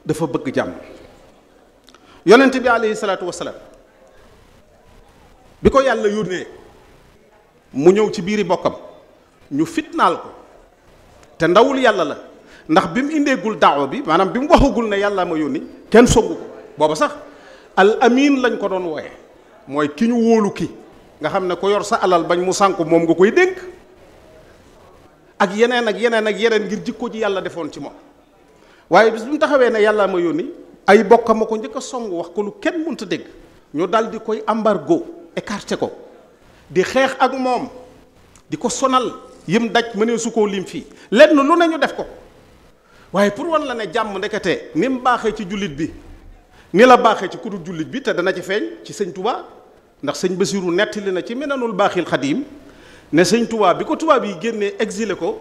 dafa bëgg jàmm yonent bi alayhi salaatu wasalaam bi ko yàlla yónnee mu ñëw ci biiri bokkam ñu fitnaal ko te ndawul yàlla la ndax bi mu indeegul daawa bi maanaam bi mu waxagul ne yàlla ma yónni kenn songu ko booba sax al amin lañ ko doon wooye mooy ki ñu wóolu ki nga xam ne ko yor sa alal bañ mu sànku moom nga koy dénk ak yeneen ak yeneen ak yeneen ngir jikko ji yàlla defoon ci moom waaye bis bi mu taxawee ne yàlla ma yónni ay bokkam a ko njëkk a song wax ko lu kenn mënta dégg ñu dal di koy embargo écarté ko di xeex ak moom di ko sonal yim daj mënee su koo lim fii lenn lu ne ñu def ko waaye pour wan la ne jàmm ndekete ni baaxee ci jullit bi ni la baaxee ci kudul jullit bi te dana ci feeñ ci sëñ Touba ndax sëñ Basiru nettali na ci menanul baaxil xadiim ne sëñ tubaa bi ko tubaab yi génnee exilé ko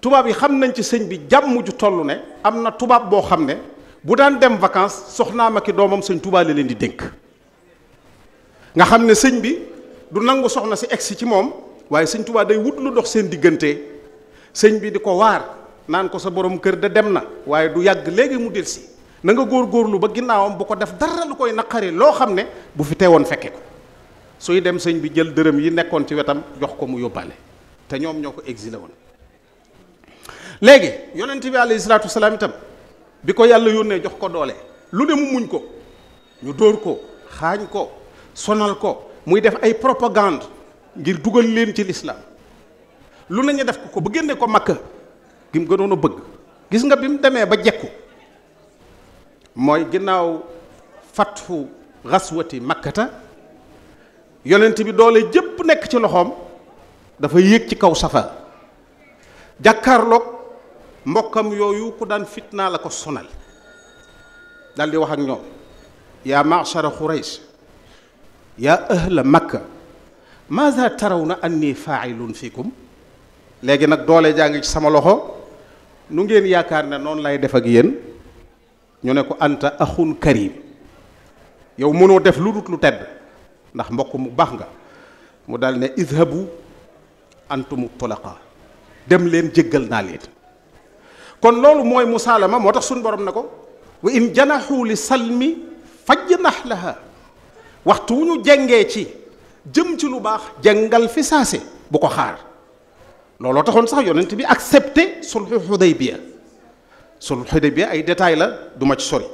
tubaab yi xam nañ ci sëñ bi jàmm ju toll ne am na tubaab boo xam ne bu daan dem vacances soxnaa ak i doomam sëñ Tuubaa leen di dénk nga xam ne sëñ bi du nangu soxna si egsi ci moom waaye sëñ Tuubaa day wut lu dox seen diggante sëñ bi di ko waar naan ko sa borom kër de dem na waaye du yàgg léegi mu del si na nga góorgóorlu ba ginnaawam bu ko def dara lu koy naqari loo xam ne bu fi teewoon fekke ko suy dem sëñ bi jël dërëm yi nekkoon ci wetam jox ko mu yóbbaale te ñoom ñoo ko exile woon léegi yonent bi alayhi salaatu wasalaam itam bi ko yàlla yónnee jox ko doole lu ne mu muñ ko ñu dóor ko xaañ ko sonal ko muy def ay propagande ngir dugal leen ci lislaam lu ne ñu def ko ba génne ko makka gi mu gënoon bëgg gis nga bi mu demee ba jekku mooy ginnaaw fatfu xaswati makkata yonent bi doole jëpp nekk ci loxoom dafa yéeg ci kaw safa jàkkaarloog mbokkam yooyu ku daan fitnaa la ko sonal dal wax ak ñoom yaa maachara xurays yaa ahla makka maada taraw na anni faailun fikum léegi nag doole jaa ngi ci sama loxo nu ngeen yaakaar ne noonu lay def ak yéen ñu ne ko anta axun karim yow mënoo def lu dut lu tedd ndax mbokk mu baax nga mu dal ne idhabu antumu tulaqa dem leen jéggal naa leen kon loolu mooy musaalama moo tax suñ borom na ko wa in janaxu mi salmi fajnax laha waxtu wu ñu jengee ci jëm ci lu baax jàngal fi saase bu ko xaar looloo taxoon sax yonent bi ak accepté sulhu Hudaybiya sulhu Hudaybiya ay détails la duma ma ci sori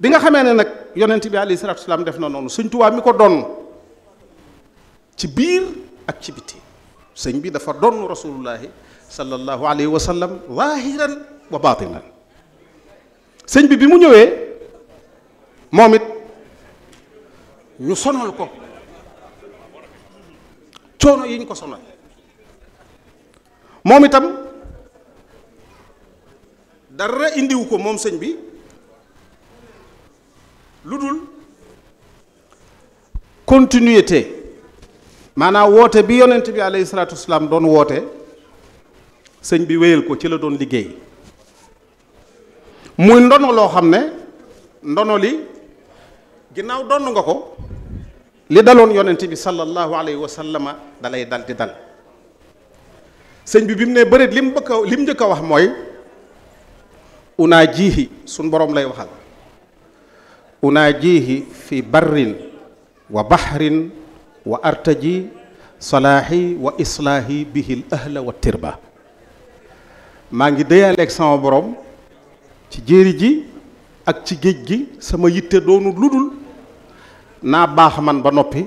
bi nga xamee ne nag yonent bi alayhi salaatu salaam def na noonu Sëñ Tuubaa mi ko doon ci biir ak ci biti sëñ bi dafa doon rasulullahi sallallahu alayhi wa sallam zahiran wa batinan sëñ bi bi mu ñëwee moom it ñu sonal ko coono yi ñu ko sonal moom itam dara indiwu ko moom sëñ bi lu dul continuité maanaam woote bi yonent bi alayhi salaatu salaam doon woote sëñ bi wéyal ko ci la doon liggéey muy ndono loo xam ne ndono li ginnaaw donn nga ko li daloon yonent bi sallallahu alayhi wa sallama dalay dal di dal sëñ bi bi mu ne bëreet wax mooy unaa jiihi suñ boroom lay waxal unaa jiihi fi barrin wa bahrin wa artaji wa tirba maa ngi déyaaleeg sama boroom ci jéeri ji ak ci géej gi sama yitte doonu ludul naa baax man ba noppi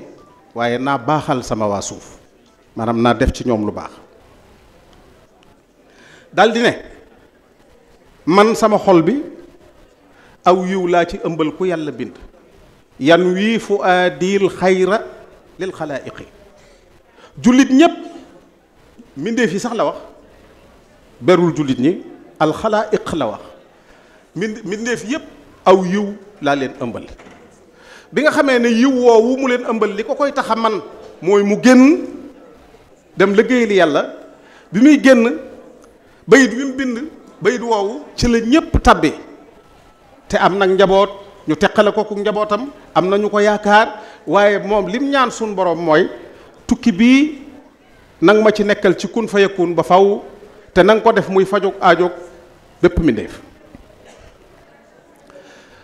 waaye naa baaxal sama waa suuf maanaam naa def ci ñoom lu baax daldi ne man sama xol bi aw yiw laa ci ëmbal ku yàlla bind yan wii fu aadil xayra lil xalaayiqi jullit ñépp mbindeef yi sax la wax berul jullit ñi alxalaa'iq la wax mbind mbindeef yépp aw yiw laa leen ëmbal bi nga xamee ne yiw woowu mu leen ëmbal li ko koy taxa man mooy mu génn dem liggéeyal yàlla bi muy génn bayit wi mu bind bayit woowu ci la ñépp tabbi te am nag njaboot ñu teqale ko ku njabootam am na ñu ko yaakaar waaye moom lim ñaan suñ boroom mooy tukki bii nag ma ci nekkal ci kun fa yakun ba faw te nanga ko def muy fajoog aajoog bépp mbindéef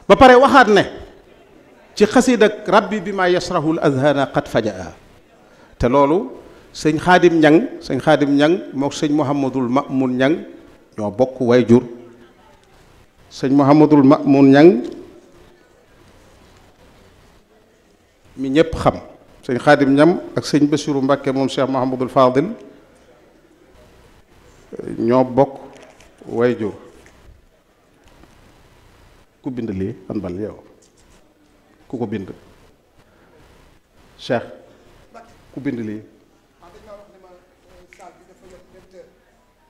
ba pare waxaat ne ci xasiid ak rabbi bi maa yasrahul azhana qad fajaa te loolu sëñ xaadim ñang sëñ xaadim ñang moo sëñ mouhamadul mamoun ñang ñoo bokk waay jur sëñ mouhamadul mamoun ñang mi ñëpp xam sëñ xaadim ñam ak sëñ basiru mbàkke moom cheikh mouhamadul fadil ñoo bokk wayjur ku bind lii an bal yow ku ko bind Cheikh ku bind lii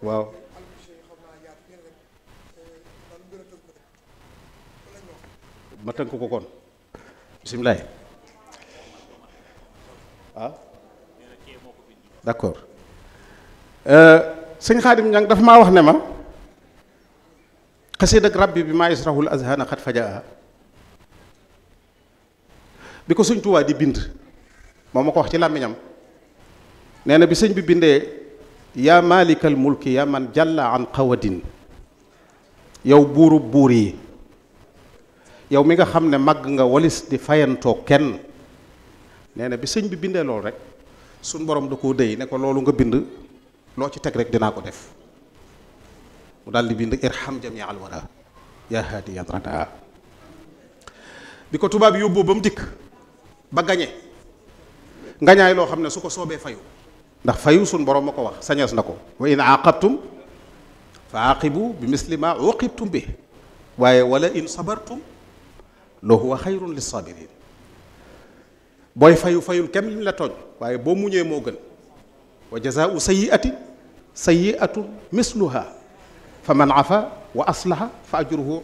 waaw ma tënk ko kon bisimilaay ah d'accord euh, sëñ xaadim ñang dafa maa wax ne ma xasidak rabbi bi maa yasrahul azhana xat fajaa bi ko sëñ Tuubaa di bind moo ma ko wax ci làmmiñam nee na bi sëñ bi bindee yaa malikal mulki yaa man jàlla an xawadin yow buurub buur yi yow mi nga xam ne màgg nga walis di fayantoo kenn nee na bi sëñ bi bindee loolu rek suñ borom da koo dëy ne ko loolu nga bind loo ci teg rek dinaa ko def mu daal di bind irham jami al yaa haadiyan radaa bi ko tubaab yóbboo ba mu dikk ba gañe ngañaay loo xam ne su ko soobee fayu ndax fayu suñ borom ma ko wax sañees na ko wa in aaqabtum fa aqibu bi misli bi waaye wala in sabartum la huwa xayrun lissabirin booy fayu fayul kem liñ la tooñ waaye boo muñee moo gën wa jazaau sayiati sayyi'atun misluha fa man afa wa aslaha fa ajruhu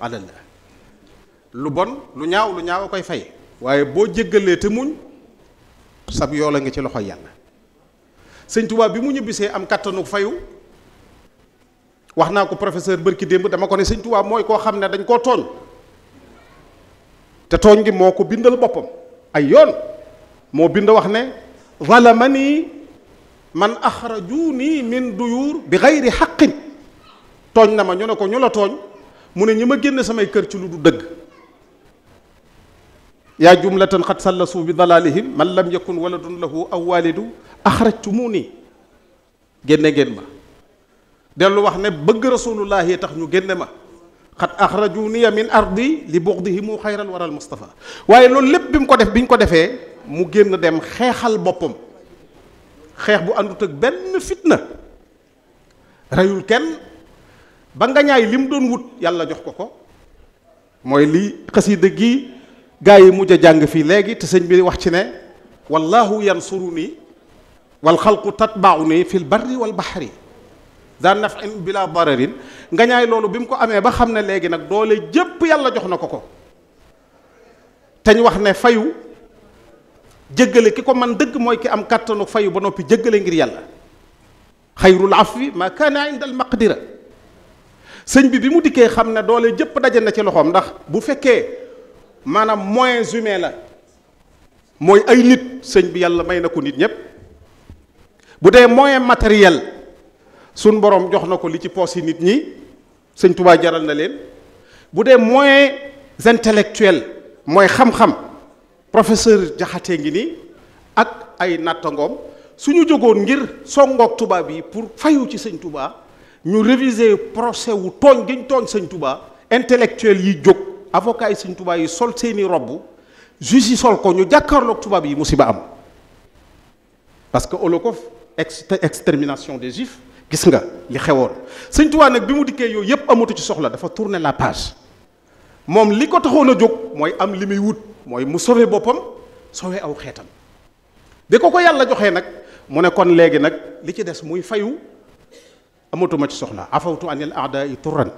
ala Allah lu bon lu ñaaw lu ñaaw a koy fay waaye boo jéggalee te muñ sab yoo la nga ci loxo yàlla sëñ bi mu ñibbisee am kattanu fayu wax naa ko professeur bërki démb dama ko ne sëñ mooy koo xam ne dañ koo tooñ te tooñ gi moo ko bindal boppam ay yoon moo bind wax ne zalamani man axrajuuni min duyuur bi xayri xaqin tooñ na ma ñu ne ko ñu la tooñ mu ne ñi ma génn samay kër ci lu du dëgg yaa jumlatan xat sallasu bi dalalihim man lam yakun waladun lahu aw walidu axrajtumuuni génne ngeen ma dellu wax ne bëgg rasulullah yi tax ñu génne ma xat axrajuniya min ardi li buxdihimu xayral waral Mustafa waaye loolu lépp bi mu ko def bi ñu ko defee mu génn dem xeexal boppam xeex bu àndut ak benn fitna reyul kenn ba nga ñaay li mu doon wut yàlla jox ko ko mooy li xasida gi gaa yi mujj a jàng fii léegi te sëñ bi wax ci ne wallahu yansuru nii wal xalqu tatbaau nii fil barri wal baxri daa nafin bila bararin nga ñaay loolu bi mu ko amee ba xam ne léegi nag doole jëpp yàlla jox na ko ko teñ wax ne fayu jëggale ki ko man dëgg mooy ki am kàttanu fayu ba noppi jéggale ngir yàlla xayrul afwi ma kaana indal maqdira sëñ bi bi mu dikkee xam ne doole jëpp daje na ci loxoom ndax bu fekkee maanaam moyens humains la mooy ay nit sëñ bi yàlla may na ko nit ñépp bu dee moyen matériel suñ borom jox na ko li ci poos yi nit ñi sëñ Tuubaa jaral na leen bu dee moyens intellectuels mooy xam-xam professeur Jaxate ngi nii ak ay nattangoom ñu jógoon ngir songoog tubaab yi pour fayu ci sëñ tubaa ñu réviser procès wu tooñ giñ tooñ sëñ tubaa intellectuel yi jóg avocat yi sëñ tubaa yi sol seeni robb juge yi sol ko ñu jàkkarlook tubaab yi musiba am parce que ko extermination des juifs gis nga li xewoon sëñ tubaa nag bi mu dikkee yooyu yëpp amatu ci soxla dafa tourner la page moom li ko taxoon a jóg mooy am li muy wut mooy mu sauvé boppam sauvé aw xeetam di ko ko yàlla joxee nag mu ne kon léegi nag li ci des muy fayu amatuma ci soxla afawtu anil aadai turan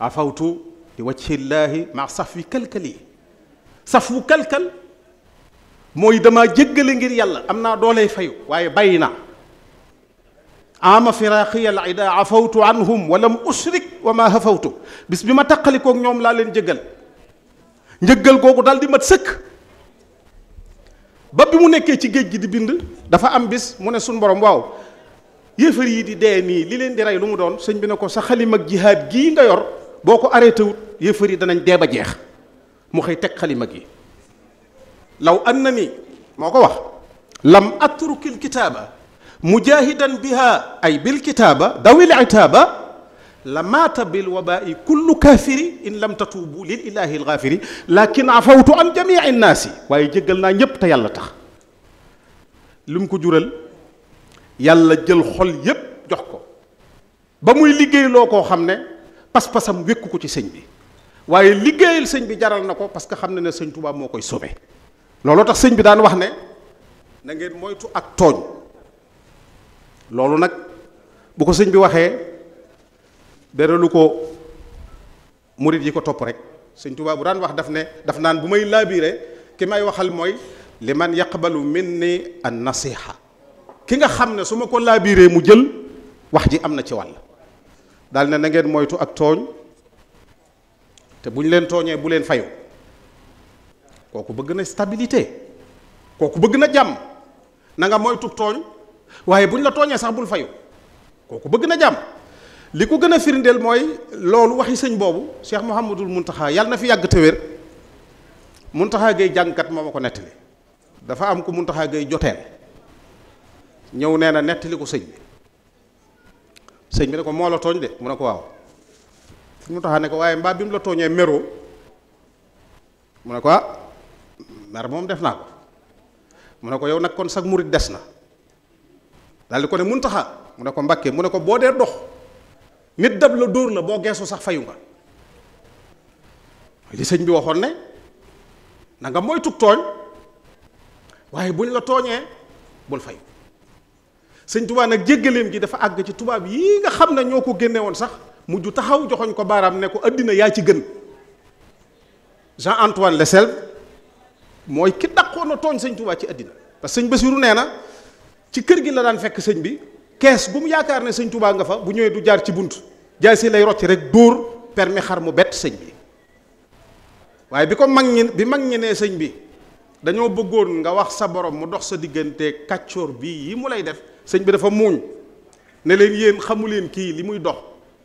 afawtu di wajhillaahi ma saf wi kalkali saf wu kalkal mooy dama jéggale ngir yàlla am naa doolee fayu waaye bàyyi naa ama firaaqiya al ida afawtu anhum wa lam usrik wa ma hafawtu bis bi ma taqalikoog ñoom laa leen jéggal njëggal googu dal di mat sëkk ba bi mu nekkee ci géej gi di bind dafa am bis mu ne suñ borom waaw yéefar yi di dee nii li leen di rey lu mu doon sëñ bi ne ko sa xalima ak jihaad gii nga yor boo ko arrêté wut yéefar yi danañ dee ba jeex mu xëy teg xalima yi law an na ni moo ko wax lam atrukil kitaaba mujahidan biha ay bil kitaaba dawil la maata bil wabaai kullu kaafiri in lam tatuubu lil ilaahi alxaafiri lakin afawtu an jamii naasi waaye jéggal naa ñépp te yàlla tax lu mu ko jural yàlla jël xol yépp jox ko ba muy liggéey loo koo xam ne pas-pasam wékku ko ci sëñ bi waaye liggéeyal sëñ bi jaral na ko parce que xam na ne sëñ Tuubaa moo koy sauvé looloo tax sëñ bi daan wax ne na ngeen moytu ak tooñ loolu nag bu ko sëñ bi waxee beralu ko murit yi ko topp rek sëñ Tuubaa bu daan wax daf ne daf naan bu may laabire ki may waxal mooy li man yaqbalu minni an nasiha ki nga xam ne su ma ko laabiree mu jël wax ji am na ci wàll daal ne na ngeen moytu ak tooñ te bu ñu leen tooñee bu leen fayu kooku bëgg na stabilité kooku bëgg na jàmm na moytu tooñ waaye bu ñu la tooñee sax bul fayu kooku bëgg na jàmm li ko gën a firndeel mooy loolu waxi sëñ boobu Cheikh mun Mountakha yàlla na fi yàgg te mun Mountakha Gueye jàngkat moo ma ko dafa am ku Mountakha Gueye ñëw nee na nettali ko sëñ bi sëñ bi ne ko moo tooñ de mu ne ko waaw Mountakha ne ko waaye mbaa bi mu la tooñee meroo mu ne ko ah mer moom def naa ko mu ne ko yow nag kon sag murit des na daal di ko ne Mountakha mu ne ko Mbàkke mu ne ko boo dee dox. nit dab la dóor la boo geesu sax fayu nga li sëñ bi waxoon ne na nga moytu tooñ waaye buñ la tooñee bul fayu sëñ tubaa nag jéggaleem gi dafa àgg ci tubaab yii nga xam ne ñoo ko génne woon sax mujj taxaw joxoñ ko baaraam ne ko àddina yaa ci gën Jean Antoine Lesselve mooy ki daqoon na tooñ sëñ tubaa ci àddina parce que sëñ Basiru nee na ci kër gi la daan fekk sëñ bi kees bu mu yaakaar ne sëñ Tuubaa nga fa bu ñëwee du jaar ci bunt jaay si lay rocci rek dóor permi xar mu bett sëñ bi waaye bi ko mag ñi bi mag ñi nee sëñ bi dañoo bëggoon nga wax sa borom mu dox sa diggante kàccoor bi yi mu lay def sëñ bi dafa muuñ ne leen yéen xamu leen kii li muy dox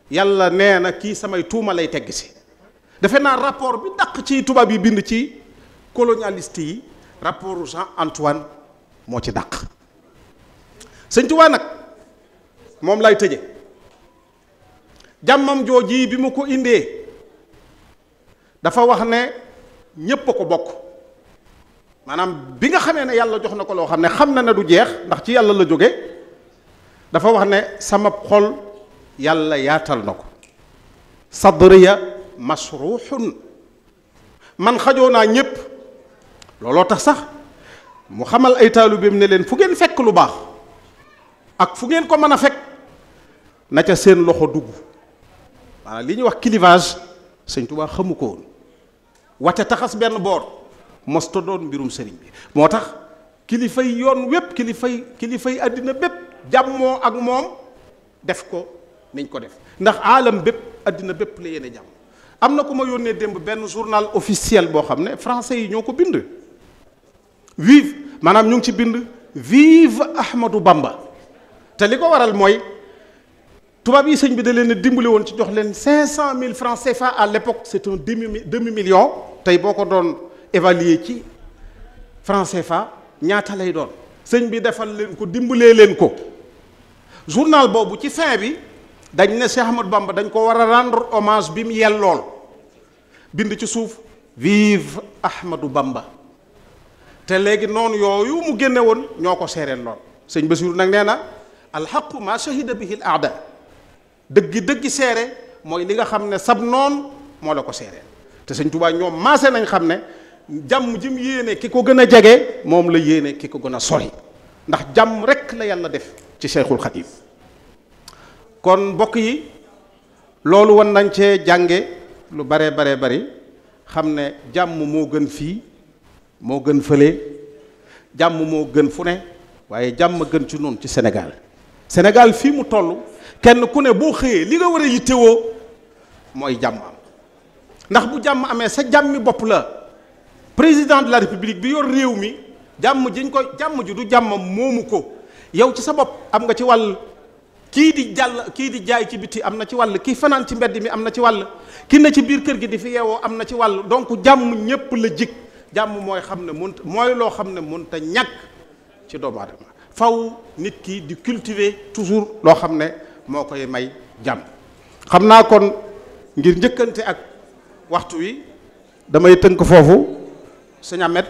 yàlla nee na kii samay tuuma lay tegg si defe naa rapport bi dàq ci tubaab yi bind ci colonialiste yi rapport Jean Antoine moo ci dàq sëñ Tuubaa nag moom lay tëje jàmmam jooji bi mu ko indee dafa wax ne ñépp a ko bokk maanaam bi nga xamee ne yàlla jox na ko loo xam ne xam na ne du jeex ndax ci yàlla la jóge dafa wax ne sama xol yàlla yaatal na ko sadriya masruuxun man xajoo naa ñépp looloo tax sax mu xamal ay taalu taalibeem ne leen fu ngeen fekk lu baax ak fu ngeen ko mën a fekk na ca seen loxo dugg maanaam li ñuy wax clivage sëñ Tuubaa xamu ko woon wacca taxas benn boor mosta doon mbirum sëriñ bi moo tax kilifa kilifay yoon wépp kilifay yi àddina bépp jàmmoo ak moom def ko niñ ko def ndax aalam bépp àddina bépp la yéene jàmm am na ku ma yónnee démb benn journal officiel boo xam ne français yi ñoo ko bind vive maanaam ñu ngi ci bind vive Ahmadou Bamba te li ko waral mooy tubaab yi sëñ bi da leen a dimbali woon ci jox leen cinq cent mille francs CFA à l'époque c'est un demi demi million tey boo ko doon évaluer ci francs CFA ñaata lay doon sëñ bi defal leen ko dimbalee leen ko journal boobu ci fin bi dañ ne Cheikh Ahmadou Bamba dañ ko war a rendre hommage bi mu yellool bind ci suuf vive Ahmadou Bamba te léegi noonu yooyu mu génne woon ñoo ko seereen lool sëñ ba Bassirou nag nee na alxaqu maa shahida bihi l aada dëggi dëggi seere mooy li nga xam ne sab noon moo la ko seeree te sëñ Tuubaa ñoom maase nañ xam ne jàmm jim yéene ki ko gën a jege moom la yéene ki ko gën a sori ndax jàmm rek la yàlla def ci Cheikhul Khadim kon mbokk yi loolu wan nañ cee jànge lu bare bare bari xam ne jàmm moo gën fii moo gën fële jàmm moo gën fu ne waaye jàmm gën ci noonu ci Sénégal Sénégal fii mu toll kenn ku ne boo xëyee li nga war a yittewoo mooy jàmm am ndax bu jàmm amee sa jàmmi bopp la président de la république bi yor réew mi jàmm jiñ ko jàmm ji du jàmm moomu ko yow ci sa bopp am nga ci wàll kii di jàll kii di jaay ci biti am na ci wàll kii fanaan ci mbedd mi am na ci wàll ki ne ci biir kër gi di fi yeewoo am na ci wàll donc jàmm ñépp la jig jàmm mooy xam ne mun mooy loo xam ne mun te ñàkk ci doomu aadama faw nit kii di cultiver toujours loo xam ne moo koy may jàmm xam naa kon ngir njëkkante ak waxtu wi damay tënk foofu sëñ Ahmed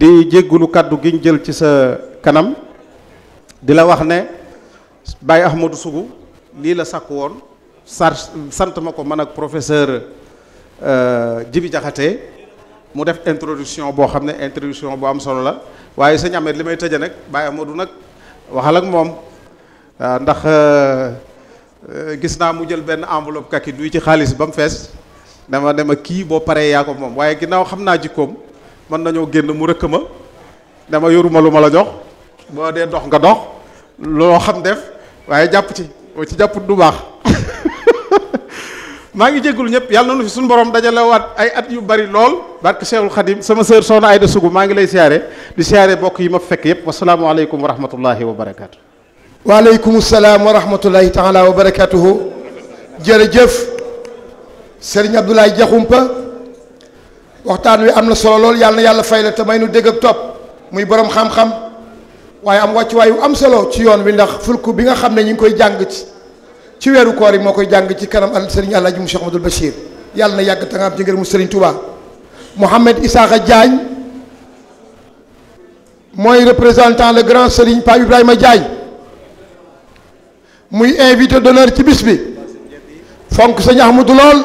di jéggulu kàddu gi ñu jël ci sa kanam di la wax ne Baye Ahmadou Sougou lii la sakku woon sar sant ma ko mën ak professeur euh, Djibi Diakhaté mu def introduction boo xam ne introduction bu am solo la waaye sëñ Ahmed li may tëje nag Baye Amadou nag waxal ak moom ndax euh, gis naa mu jël benn enveloppe kaki duy ci xaalis ba mu fees dama dema kii boo paree yaa ko moom waaye ginnaaw xam naa jikkoom mën nañoo génn mu rëkk ma dama yoruma lu ma la jox boo dee dox nga dox loo xam def waaye jàpp ci boo ci jàpp du baax maa ngi jégalu ñëpp yàlla na nu fi suñu borom dajalewaat ay at yu bari lool barke Cheikhul Khadim sama sœur Soxna Ayda Sugu maa ngi lay siyaare di siyaare bokk yi ma fekk yëpp wasalaamualeykum wa rahmatullahi wa barakaatu. waaleykum salaam wa rahmatullahi taala wa barakaatuhu. jërëjëf Serigne Abdoulaye Diakhoumpa waxtaan wi am na solo lool yàlla na yàlla fay la te may nu dégg ak topp muy boroom xam-xam waaye am wàccuwaay wu am solo ci yoon wi ndax fulku bi nga xam ne ñu ngi koy jàng ci. ci weeru koor yi moo koy jàng ci kanam al sëriñ Alaaji mu Cheikh Amadou Bachir yàlla na yàgg ta nga am ci ngërëmu sëriñ Touba Mouhamed Isaaxa Diagne mooy représentant le grand sëriñ Pape Ibrahima Diagne muy invité d'honneur ci bis bi fonk sëñ Ahmadou lool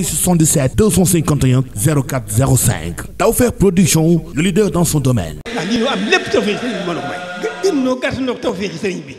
woote 77 251 04 05 Tawfekh